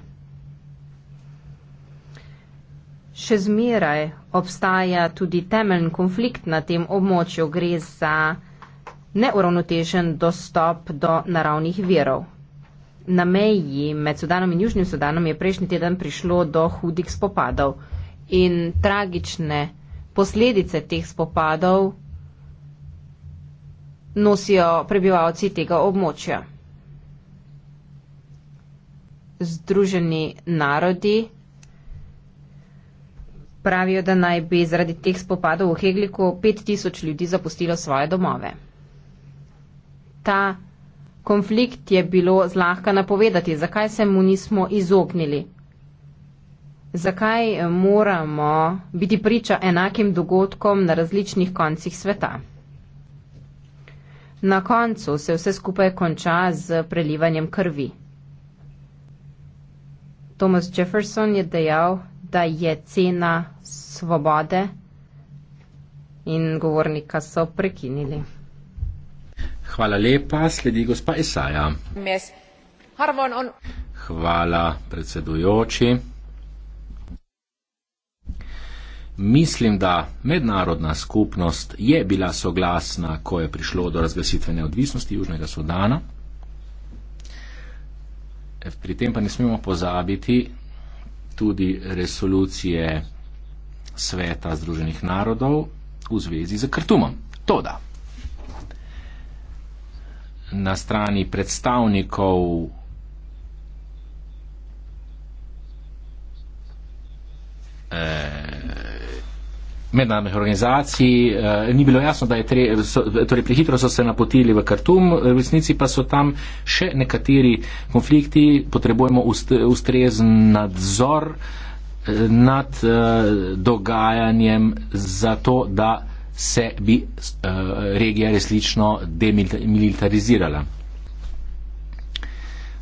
Še zmeraj obstaja tudi temeljni konflikt na tem območju. Gre za neuravnotežen dostop do naravnih virov. Na meji med Sudanom in Južnim Sudanom je prejšnji teden prišlo do hudih spopadov in tragične posledice teh spopadov nosijo prebivalci tega območja. Združeni narodi pravijo, da naj bi zaradi teh spopadov v Hegliku 5000 ljudi zapustilo svoje domove ta konflikt je bilo zlahka napovedati, zakaj se mu nismo izognili. Zakaj eh, moramo biti priča enakim dogodkom na različnih koncih sveta? Na koncu se vse skupaj konča z prelivanjem krvi. Thomas Jefferson je dejal, da je cena svobode in govornika so prekinili. Hvala lepa, sledi gospa Esaja. Hvala, predsedujoči. Mislim, da mednarodna skupnost je bila soglasna, ko je prišlo do razglasitve neodvisnosti Južnega Sudana. Pri tem pa ne smemo pozabiti tudi resolucije Sveta Združenih narodov v zvezi z Kartumom. Toda na strani predstavnikov eh, mednarodnih organizacij, eh, ni bilo jasno, da je tre, so, torej prehitro so se napotili v Kartum, v resnici pa so tam še nekateri konflikti, potrebujemo ust, ustrezen nadzor eh, nad uh, dogajanjem za to, da se bi uh, regija resnično demilitarizirala.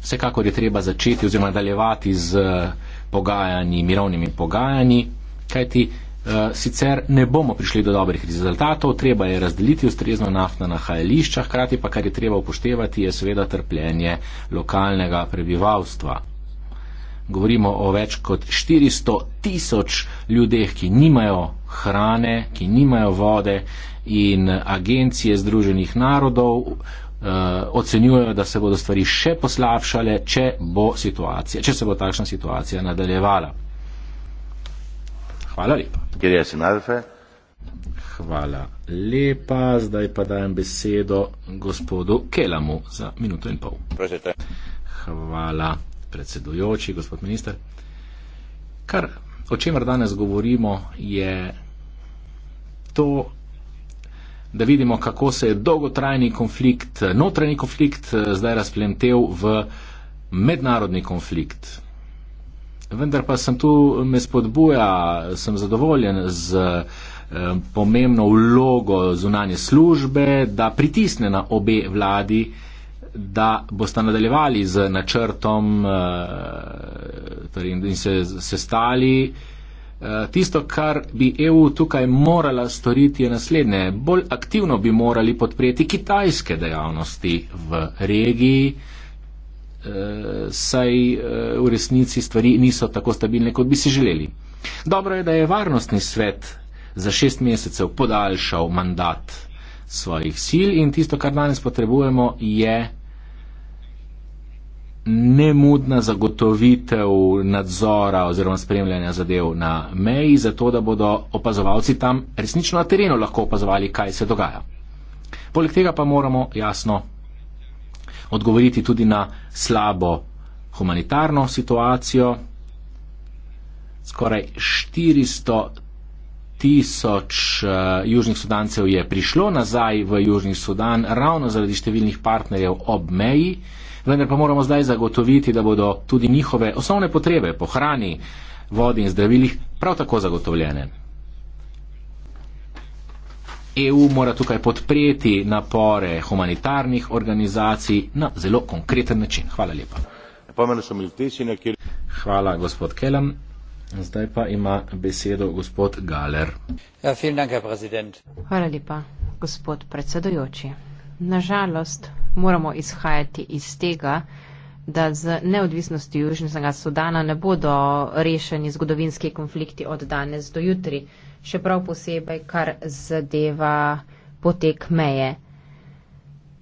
Vsekakor je treba začeti oziroma nadaljevati z eh, pogajanji, mirovnimi pogajanji, kajti uh, sicer ne bomo prišli do dobrih rezultatov, treba je razdeliti ustrezno naft na nahajališča, hkrati pa kar je treba upoštevati je seveda trpljenje lokalnega prebivalstva. Govorimo o več kot 400 tisoč ljudeh, ki nimajo hrane, ki nimajo vode in agencije Združenih narodov eh, ocenjujejo, da se bodo stvari še poslavšale, če, bo če se bo takšna situacija nadaljevala. Hvala lepa. Hvala lepa. Zdaj pa dajem besedo gospodu Kelamu za minuto in pol. Hvala predsedujoči, gospod minister. Kar, o čemer danes govorimo, je to, da vidimo, kako se je dolgotrajni konflikt, notranji konflikt eh, zdaj razplentev v mednarodni konflikt. Vendar pa sem tu, me spodbuja, sem zadovoljen z eh, pomembno vlogo zunanje službe, da pritisne na obe vladi da boste nadaljevali z načrtom eh, torej in se sestali. Eh, tisto, kar bi EU tukaj morala storiti, je naslednje. Bolj aktivno bi morali podpreti kitajske dejavnosti v regiji, eh, saj v resnici stvari niso tako stabilne, kot bi si želeli. Dobro je, da je varnostni svet za šest mesecev podaljšal mandat svojih sil in tisto, kar danes potrebujemo, je nemudna zagotovitev nadzora oziroma spremljanja zadev na meji, zato da bodo opazovalci tam resnično na terenu lahko opazovali, kaj se dogaja. Poleg tega pa moramo jasno odgovoriti tudi na slabo humanitarno situacijo. Skoraj 400 tisoč uh, južnih sudancev je prišlo nazaj v Južni Sudan ravno zaradi številnih partnerjev ob meji. Uh, vendar pa moramo zdaj zagotoviti, da bodo tudi njihove osnovne potrebe po hrani, vodi in zdravilih prav tako zagotovljene. EU mora tukaj podpreti napore humanitarnih organizacij na zelo konkreten način. Hvala lepa. Hvala, gospod Kelem. Zdaj pa ima besedo gospod Galer. Ja, Hvala lepa, gospod predsedojoči. Nažalost, moramo izhajati iz tega, da z neodvisnosti Južnega Sudana ne bodo rešeni zgodovinski konflikti od danes do jutri, še prav posebej, kar zadeva potek meje.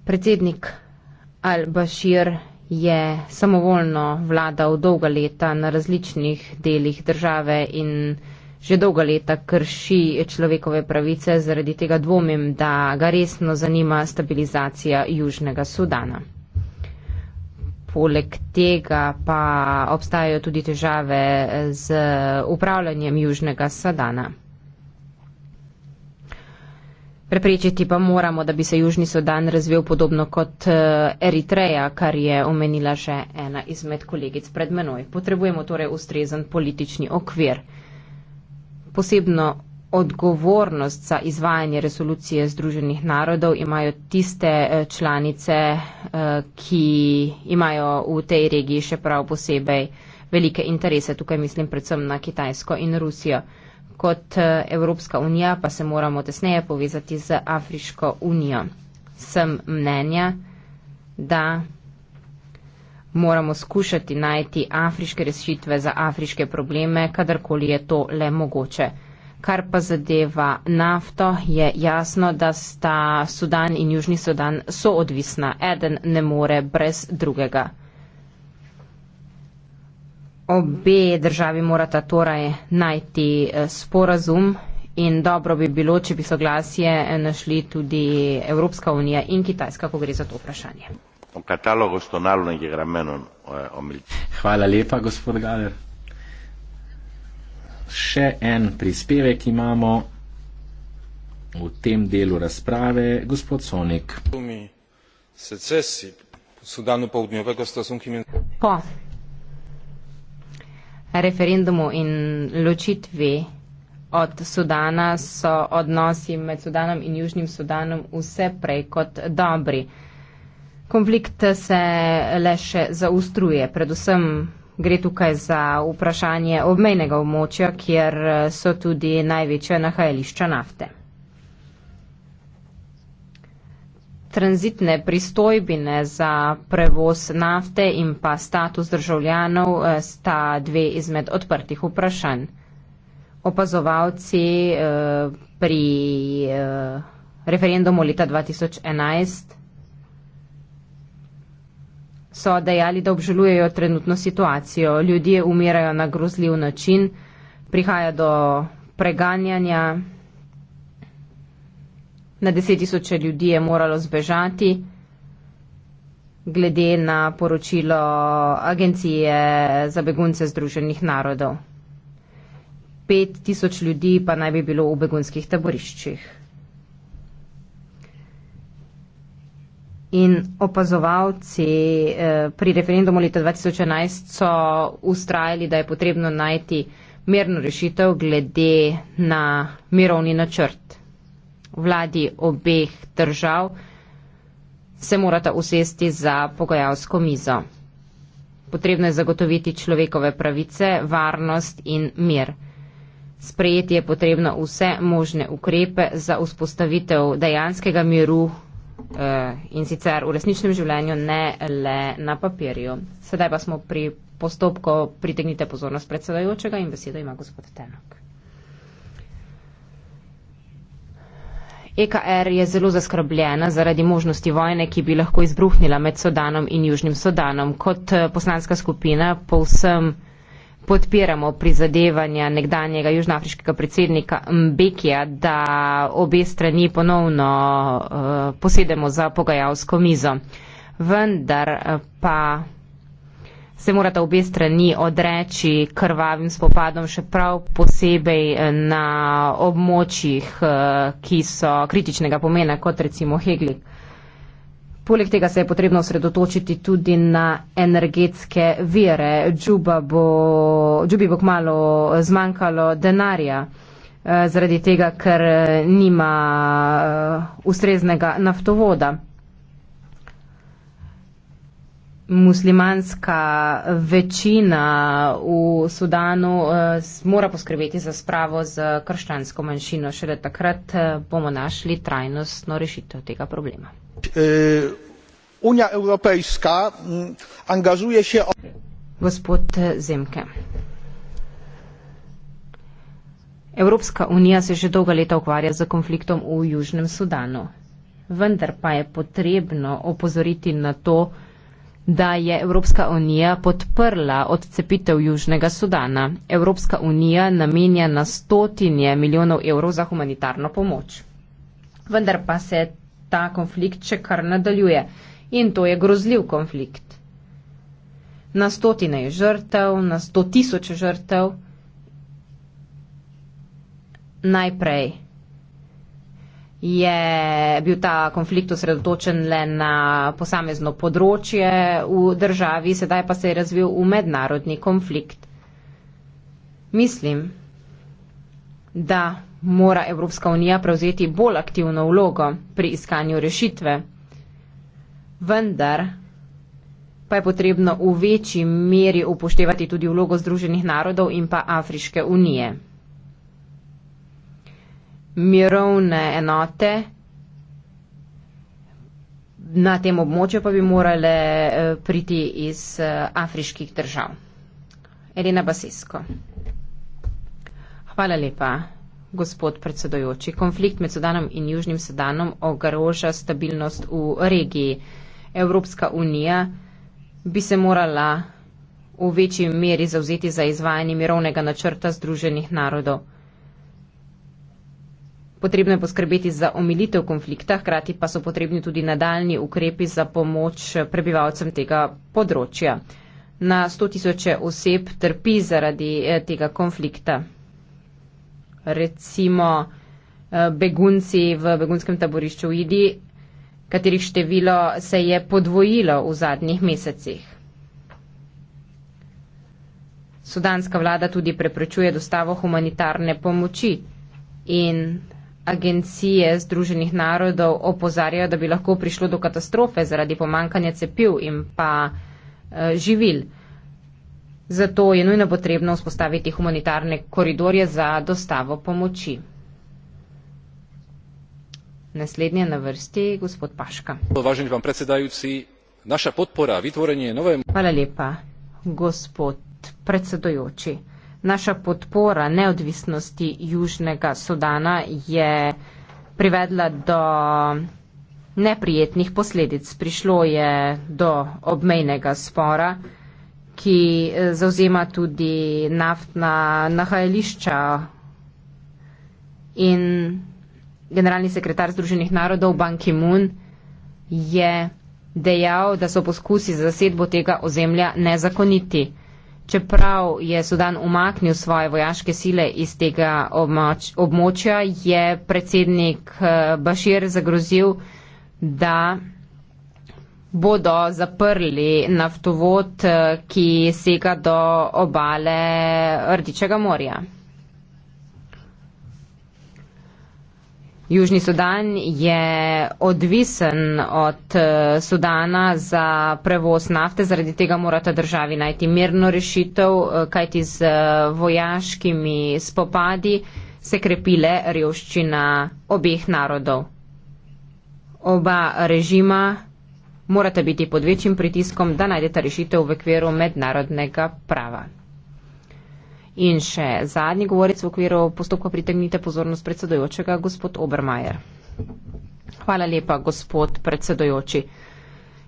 Predsednik Al-Bashir je samovoljno vladal dolga leta na različnih delih države in države že dolga leta krši človekove pravice, zaradi tega dvomim, da ga resno zanima stabilizacija Južnega Sudana. Poleg tega pa obstajajo tudi težave z upravljanjem Južnega Sudana. Preprečiti pa moramo, da bi se Južni Sudan razvil podobno kot eh, Eritreja, kar je omenila že ena izmed kolegic pred menoj. Potrebujemo torej ustrezen politični okvir posebno odgovornost za izvajanje resolucije Združenih narodov imajo tiste eh, članice, eh, ki imajo v tej regiji še prav posebej velike interese. Tukaj mislim predvsem na Kitajsko in Rusijo. Kot eh, Evropska unija pa se moramo tesneje povezati z Afriško unijo. Sem mnenja, da moramo skušati najti afriške rešitve za afriške probleme, kadarkoli je to le mogoče. Kar pa zadeva nafto, je jasno, da sta Sudan in Južni Sudan soodvisna. Eden ne more brez drugega. Obe državi morata torej najti eh, sporazum in dobro bi bilo, če bi soglasje našli tudi Evropska unija in Kitajska, ko gre za to vprašanje. Katalogo s tonalno je gramenon omilj. Hvala lepa, gospod Galer. Še en prispevek imamo v tem delu razprave, gospod Sonik. Po referendumu in ločitvi od Sudana so odnosi med Sudanom in Južnim Sudanom vse prej kot dobri. Konflikt se le še zaustruje. Predvsem gre tukaj za vprašanje obmejnega območja, kjer so tudi največja nahajališča nafte. Transitne pristojbine za prevoz nafte in pa status državljanov eh, sta dve izmed odprtih vprašanj. Opazovalci eh, pri eh, referendumu leta 2011 so dejali, da obžalujejo trenutno situacijo. Ljudje umirajo na grozljiv način, prihaja do preganjanja, na deset tisoče ljudi je moralo zbežati. Glede na poročilo Agencije za begunce Združenih narodov. Pet tisoč ljudi pa naj bi bilo v begunskih taboriščih. in opazovalci eh, pri referendumu leta 2011 so ustrajali, da je potrebno najti mirno rešitev glede na mirovni načrt. Vladi obeh držav se morata usesti za pogajalsko mizo. Potrebno je zagotoviti človekove pravice, varnost in mir. Sprejeti je potrebno vse možne ukrepe za vzpostavitev dejanskega miru Eh, in sicer v resničnem življenju, ne le na papirju. Sedaj pa smo pri postopku, pritegnite pozornost predsedajočega in besedo ima gospod Tenok. EKR er je zelo zaskrbljena zaradi možnosti vojne, ki bi lahko izbruhnila med Sodanom in Južnim Sodanom. Kot eh, poslanska skupina povsem podpiramo prizadevanja nekdanjega južnoafriškega predsednika Mbekija, da obe strani ponovno eh, posedemo za pogajalsko mizo. Vendar eh, pa se morata obe strani odreči krvavim spopadom, še prav posebej eh, na območjih, ki so kritičnega pomena, kot recimo Heglik. Poleg tega se je potrebno osredotočiti tudi na energetske vire. Džubi bo kmalo zmanjkalo denarja eh, zaradi tega, ker eh, nima eh, ustreznega naftovoda. Muslimanska večina v Sudanu mora poskrbeti za spravo z krščansko manjšino. Šele takrat bomo našli trajnostno rešitev tega problema. Unia Europejska mm, angażuje się o... Gospod Zemke. Evropska unija se že dolga leta ukvarja z konfliktom v Južnem Sudanu. Vendar pa je potrebno opozoriti na to, da je Evropska unija podprla odcepitev Južnega Sudana. Evropska unija namenja na stotinje milijonov evrov za humanitarno pomoč. Vendar pa se ta konflikt še kar nadaljuje. In to je grozljiv konflikt. Na stotine je žrtev, na sto tisoče žrtev. Najprej je bil ta konflikt osredotočen le na posamezno področje v državi, sedaj pa se je razvil v mednarodni konflikt. Mislim, da mora Evropska unija prevzeti bolj aktivno vlogo pri iskanju rešitve. Vendar pa je potrebno v večji meri upoštevati tudi vlogo Združenih narodov in pa Afriške unije. Mirovne enote na tem območju pa bi morale eh, priti iz eh, afriških držav. Elena Basisko. Hvala lepa gospod predsedojoči. Konflikt med Sudanom in Južnim Sudanom ogroža stabilnost v regiji. Evropska unija bi se morala v večji meri zauzeti za izvajanje mirovnega načrta Združenih narodov. Potrebno je poskrbeti za omilitev konflikta, hkrati pa so potrebni tudi nadaljni ukrepi za pomoč prebivalcem tega področja. Na 100 tisoče oseb trpi zaradi eh, tega konflikta recimo eh, begunci v begunskem taborišču v Idi, katerih število se je podvojilo v zadnjih mesecih. Sudanska vlada tudi preprečuje dostavo humanitarne pomoči in agencije Združenih narodov opozarjajo, da bi lahko prišlo do katastrofe zaradi pomankanja cepiv in pa eh, živil. Zato je nujno potrebno vzpostaviti humanitarne koridorje za dostavo pomoči. Naslednje na vrsti gospod Paška. Važeni vam predsedajuci, naša podpora, vytvorenje nove... Hvala lepa, gospod predsedujoči. Naša podpora neodvisnosti Južnega Sudana je privedla do neprijetnih posledic. Prišlo je do obmejnega spora ki eh, zauzema tudi naftna nahajališča. In generalni sekretar Združenih narodov Ban Ki-moon je dejal, da so poskusi za zasedbo tega ozemlja nezakoniti. Čeprav je Sudan umaknil svoje vojaške sile iz tega območ območja, je predsednik eh, Bashir zagrozil, da bodo zaprli naftovod, eh, ki sega do obale Rdečega morja. Južni Sudan je odvisen od eh, Sudana za prevoz nafte, zaradi tega morata državi najti mirno rešitev, eh, kajti z vojaškimi spopadi se krepile revščina obeh narodov. Oba režima morata biti pod večjim pritiskom, da najdete rešitev v okviru mednarodnega prava. In še zadnji govorec v okviru postopka pritegnite pozornost predsedojočega, gospod Obermajer. Hvala lepa, gospod predsedojoči.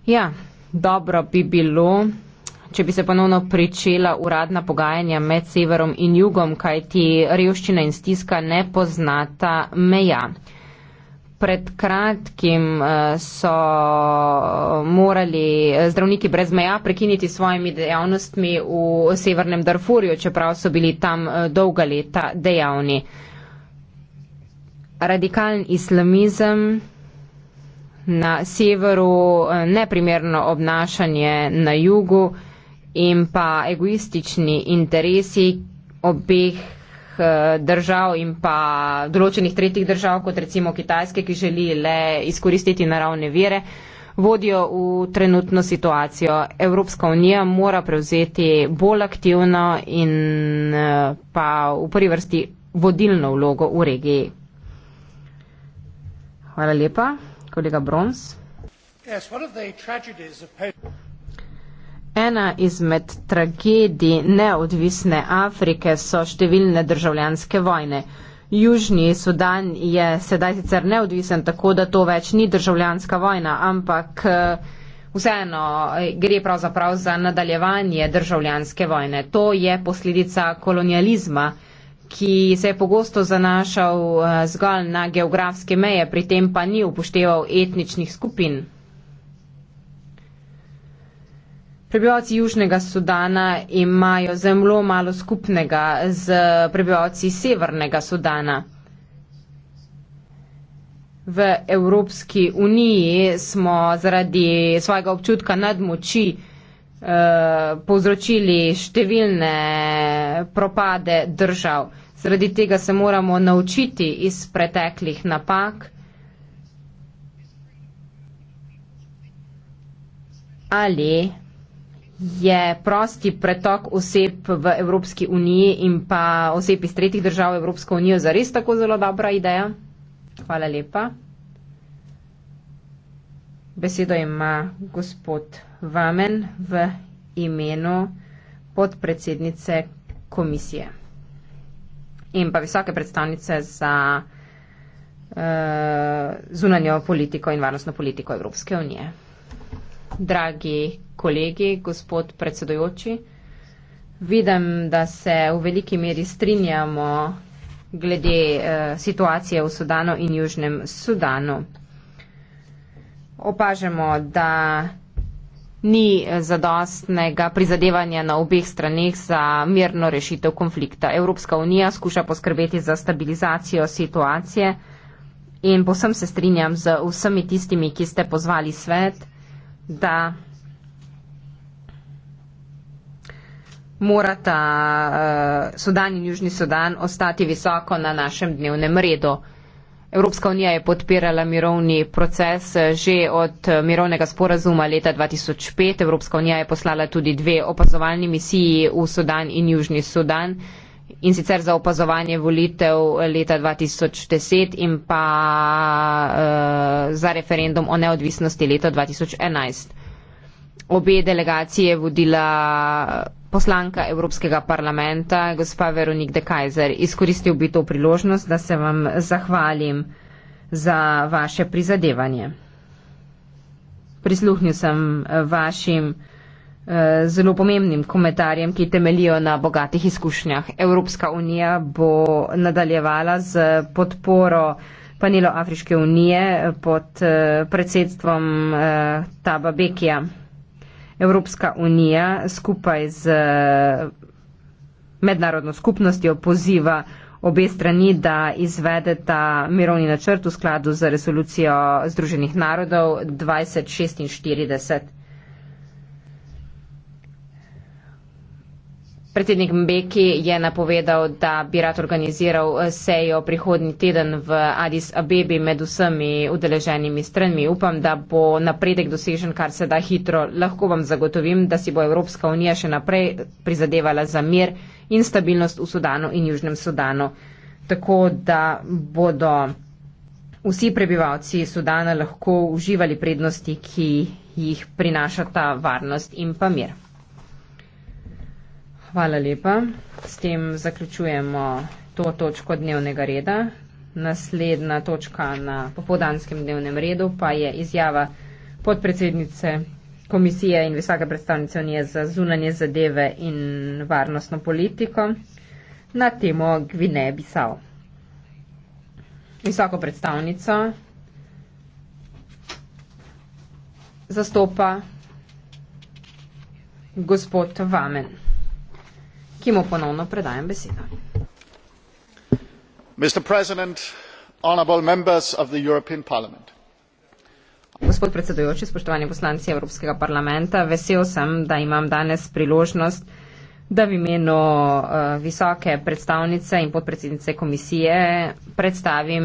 Ja, dobro bi bilo, če bi se ponovno pričela uradna pogajanja med severom in jugom, kajti revščina in stiska ne poznata meja pred kratkim eh, so eh, morali eh, zdravniki brez meja prekiniti svojimi dejavnostmi v severnem Darfurju, čeprav so bili tam dolga leta dejavni. Radikalen islamizem na severu, neprimerno obnašanje na jugu in pa egoistični interesi obeh Eh, držav in pa določenih tretjih držav, kot recimo Kitajske, ki želi le izkoristiti naravne vire, vodijo v trenutno situacijo. Evropska unija mora prevzeti bolj aktivno in eh, pa v prvi vrsti vodilno vlogo v regiji. Hvala lepa, kolega Brons. Yes, Ena izmed tragedij neodvisne Afrike so številne državljanske vojne. Južni Sudan je sedaj sicer neodvisen, tako da to več ni državljanska vojna, ampak eh, vseeno eh, gre pravzaprav za nadaljevanje državljanske vojne. To je posledica kolonializma, ki se je pogosto zanašal eh, zgolj na geografske meje, pri tem pa ni upošteval etničnih skupin. Prebivalci Južnega Sudana imajo zelo malo skupnega z prebivalci Severnega Sudana. V Evropski uniji smo zaradi svojega občutka nadmoči eh, povzročili številne propade držav. Zaradi tega se moramo naučiti iz preteklih napak. Ali je prosti pretok oseb v Evropski uniji in pa oseb iz tretjih držav v Evropsko unijo zares tako zelo dobra ideja? Hvala lepa. Besedo ima gospod Vamen v imenu podpredsednice komisije in pa visoke predstavnice za uh, zunanjo politiko in varnostno politiko Evropske unije. Dragi kolegi, gospod predsedojoči. Vidim, da se v veliki meri strinjamo glede eh, situacije v Sudanu in Južnem Sudanu. Opažamo, da ni zadostnega prizadevanja na obeh straneh za mirno rešitev konflikta. Evropska unija skuša poskrbeti za stabilizacijo situacije in posem se strinjam z vsemi tistimi, ki ste pozvali svet, da morata uh, Sudan in Južni Sudan ostati visoko na našem dnevnem redu. Evropska unija je podpirala mirovni proces eh, že od eh, mirovnega sporazuma leta 2005. Evropska unija je poslala tudi dve opazovalni misiji v Sudan in Južni Sudan in sicer za opazovanje volitev leta 2010 in pa uh, za referendum o neodvisnosti leta 2011. Obe delegacije je vodila poslanka Evropskega parlamenta, gospa Veronik de Kajzer. Izkoristil bi to priložnost, da se vam zahvalim za vaše prizadevanje. Prisluhnil sem eh, vašim eh, zelo pomembnim komentarjem, ki temelijo na bogatih izkušnjah. Evropska unija bo nadaljevala z podporo panelo Afriške unije pod eh, predsedstvom Taba Bekija. Evropska unija skupaj z eh, mednarodno skupnostjo poziva obe strani, da izvedeta mirovni načrt v skladu z resolucijo Združenih narodov 2046. Predsednik Mbeki je napovedal, da bi rad organiziral eh, sejo prihodnji teden v Addis Abebi med vsemi udeleženimi stranmi. Upam, da bo napredek dosežen kar se da hitro. Lahko vam zagotovim, da si bo Evropska unija še naprej prizadevala za mir in stabilnost v Sudanu in Južnem Sudanu. Tako da bodo vsi prebivalci Sudana lahko uživali prednosti, ki jih prinaša ta varnost in pa mir. Hvala lepa. S tem zaključujemo to točko dnevnega reda. Naslednja točka na popodanskem dnevnem redu pa je izjava podpredsednice komisije in visoke predstavnice Unije za zunanje zadeve in varnostno politiko na temo Gvineje Bisao. Visoko predstavnico zastopa gospod Vamen ki mu ponovno predajam besedo. Gospod predsedujoči, spoštovani poslanci Evropskega parlamenta, vesel sem, da imam danes priložnost, da v imenu eh, visoke predstavnice in podpredsednice komisije predstavim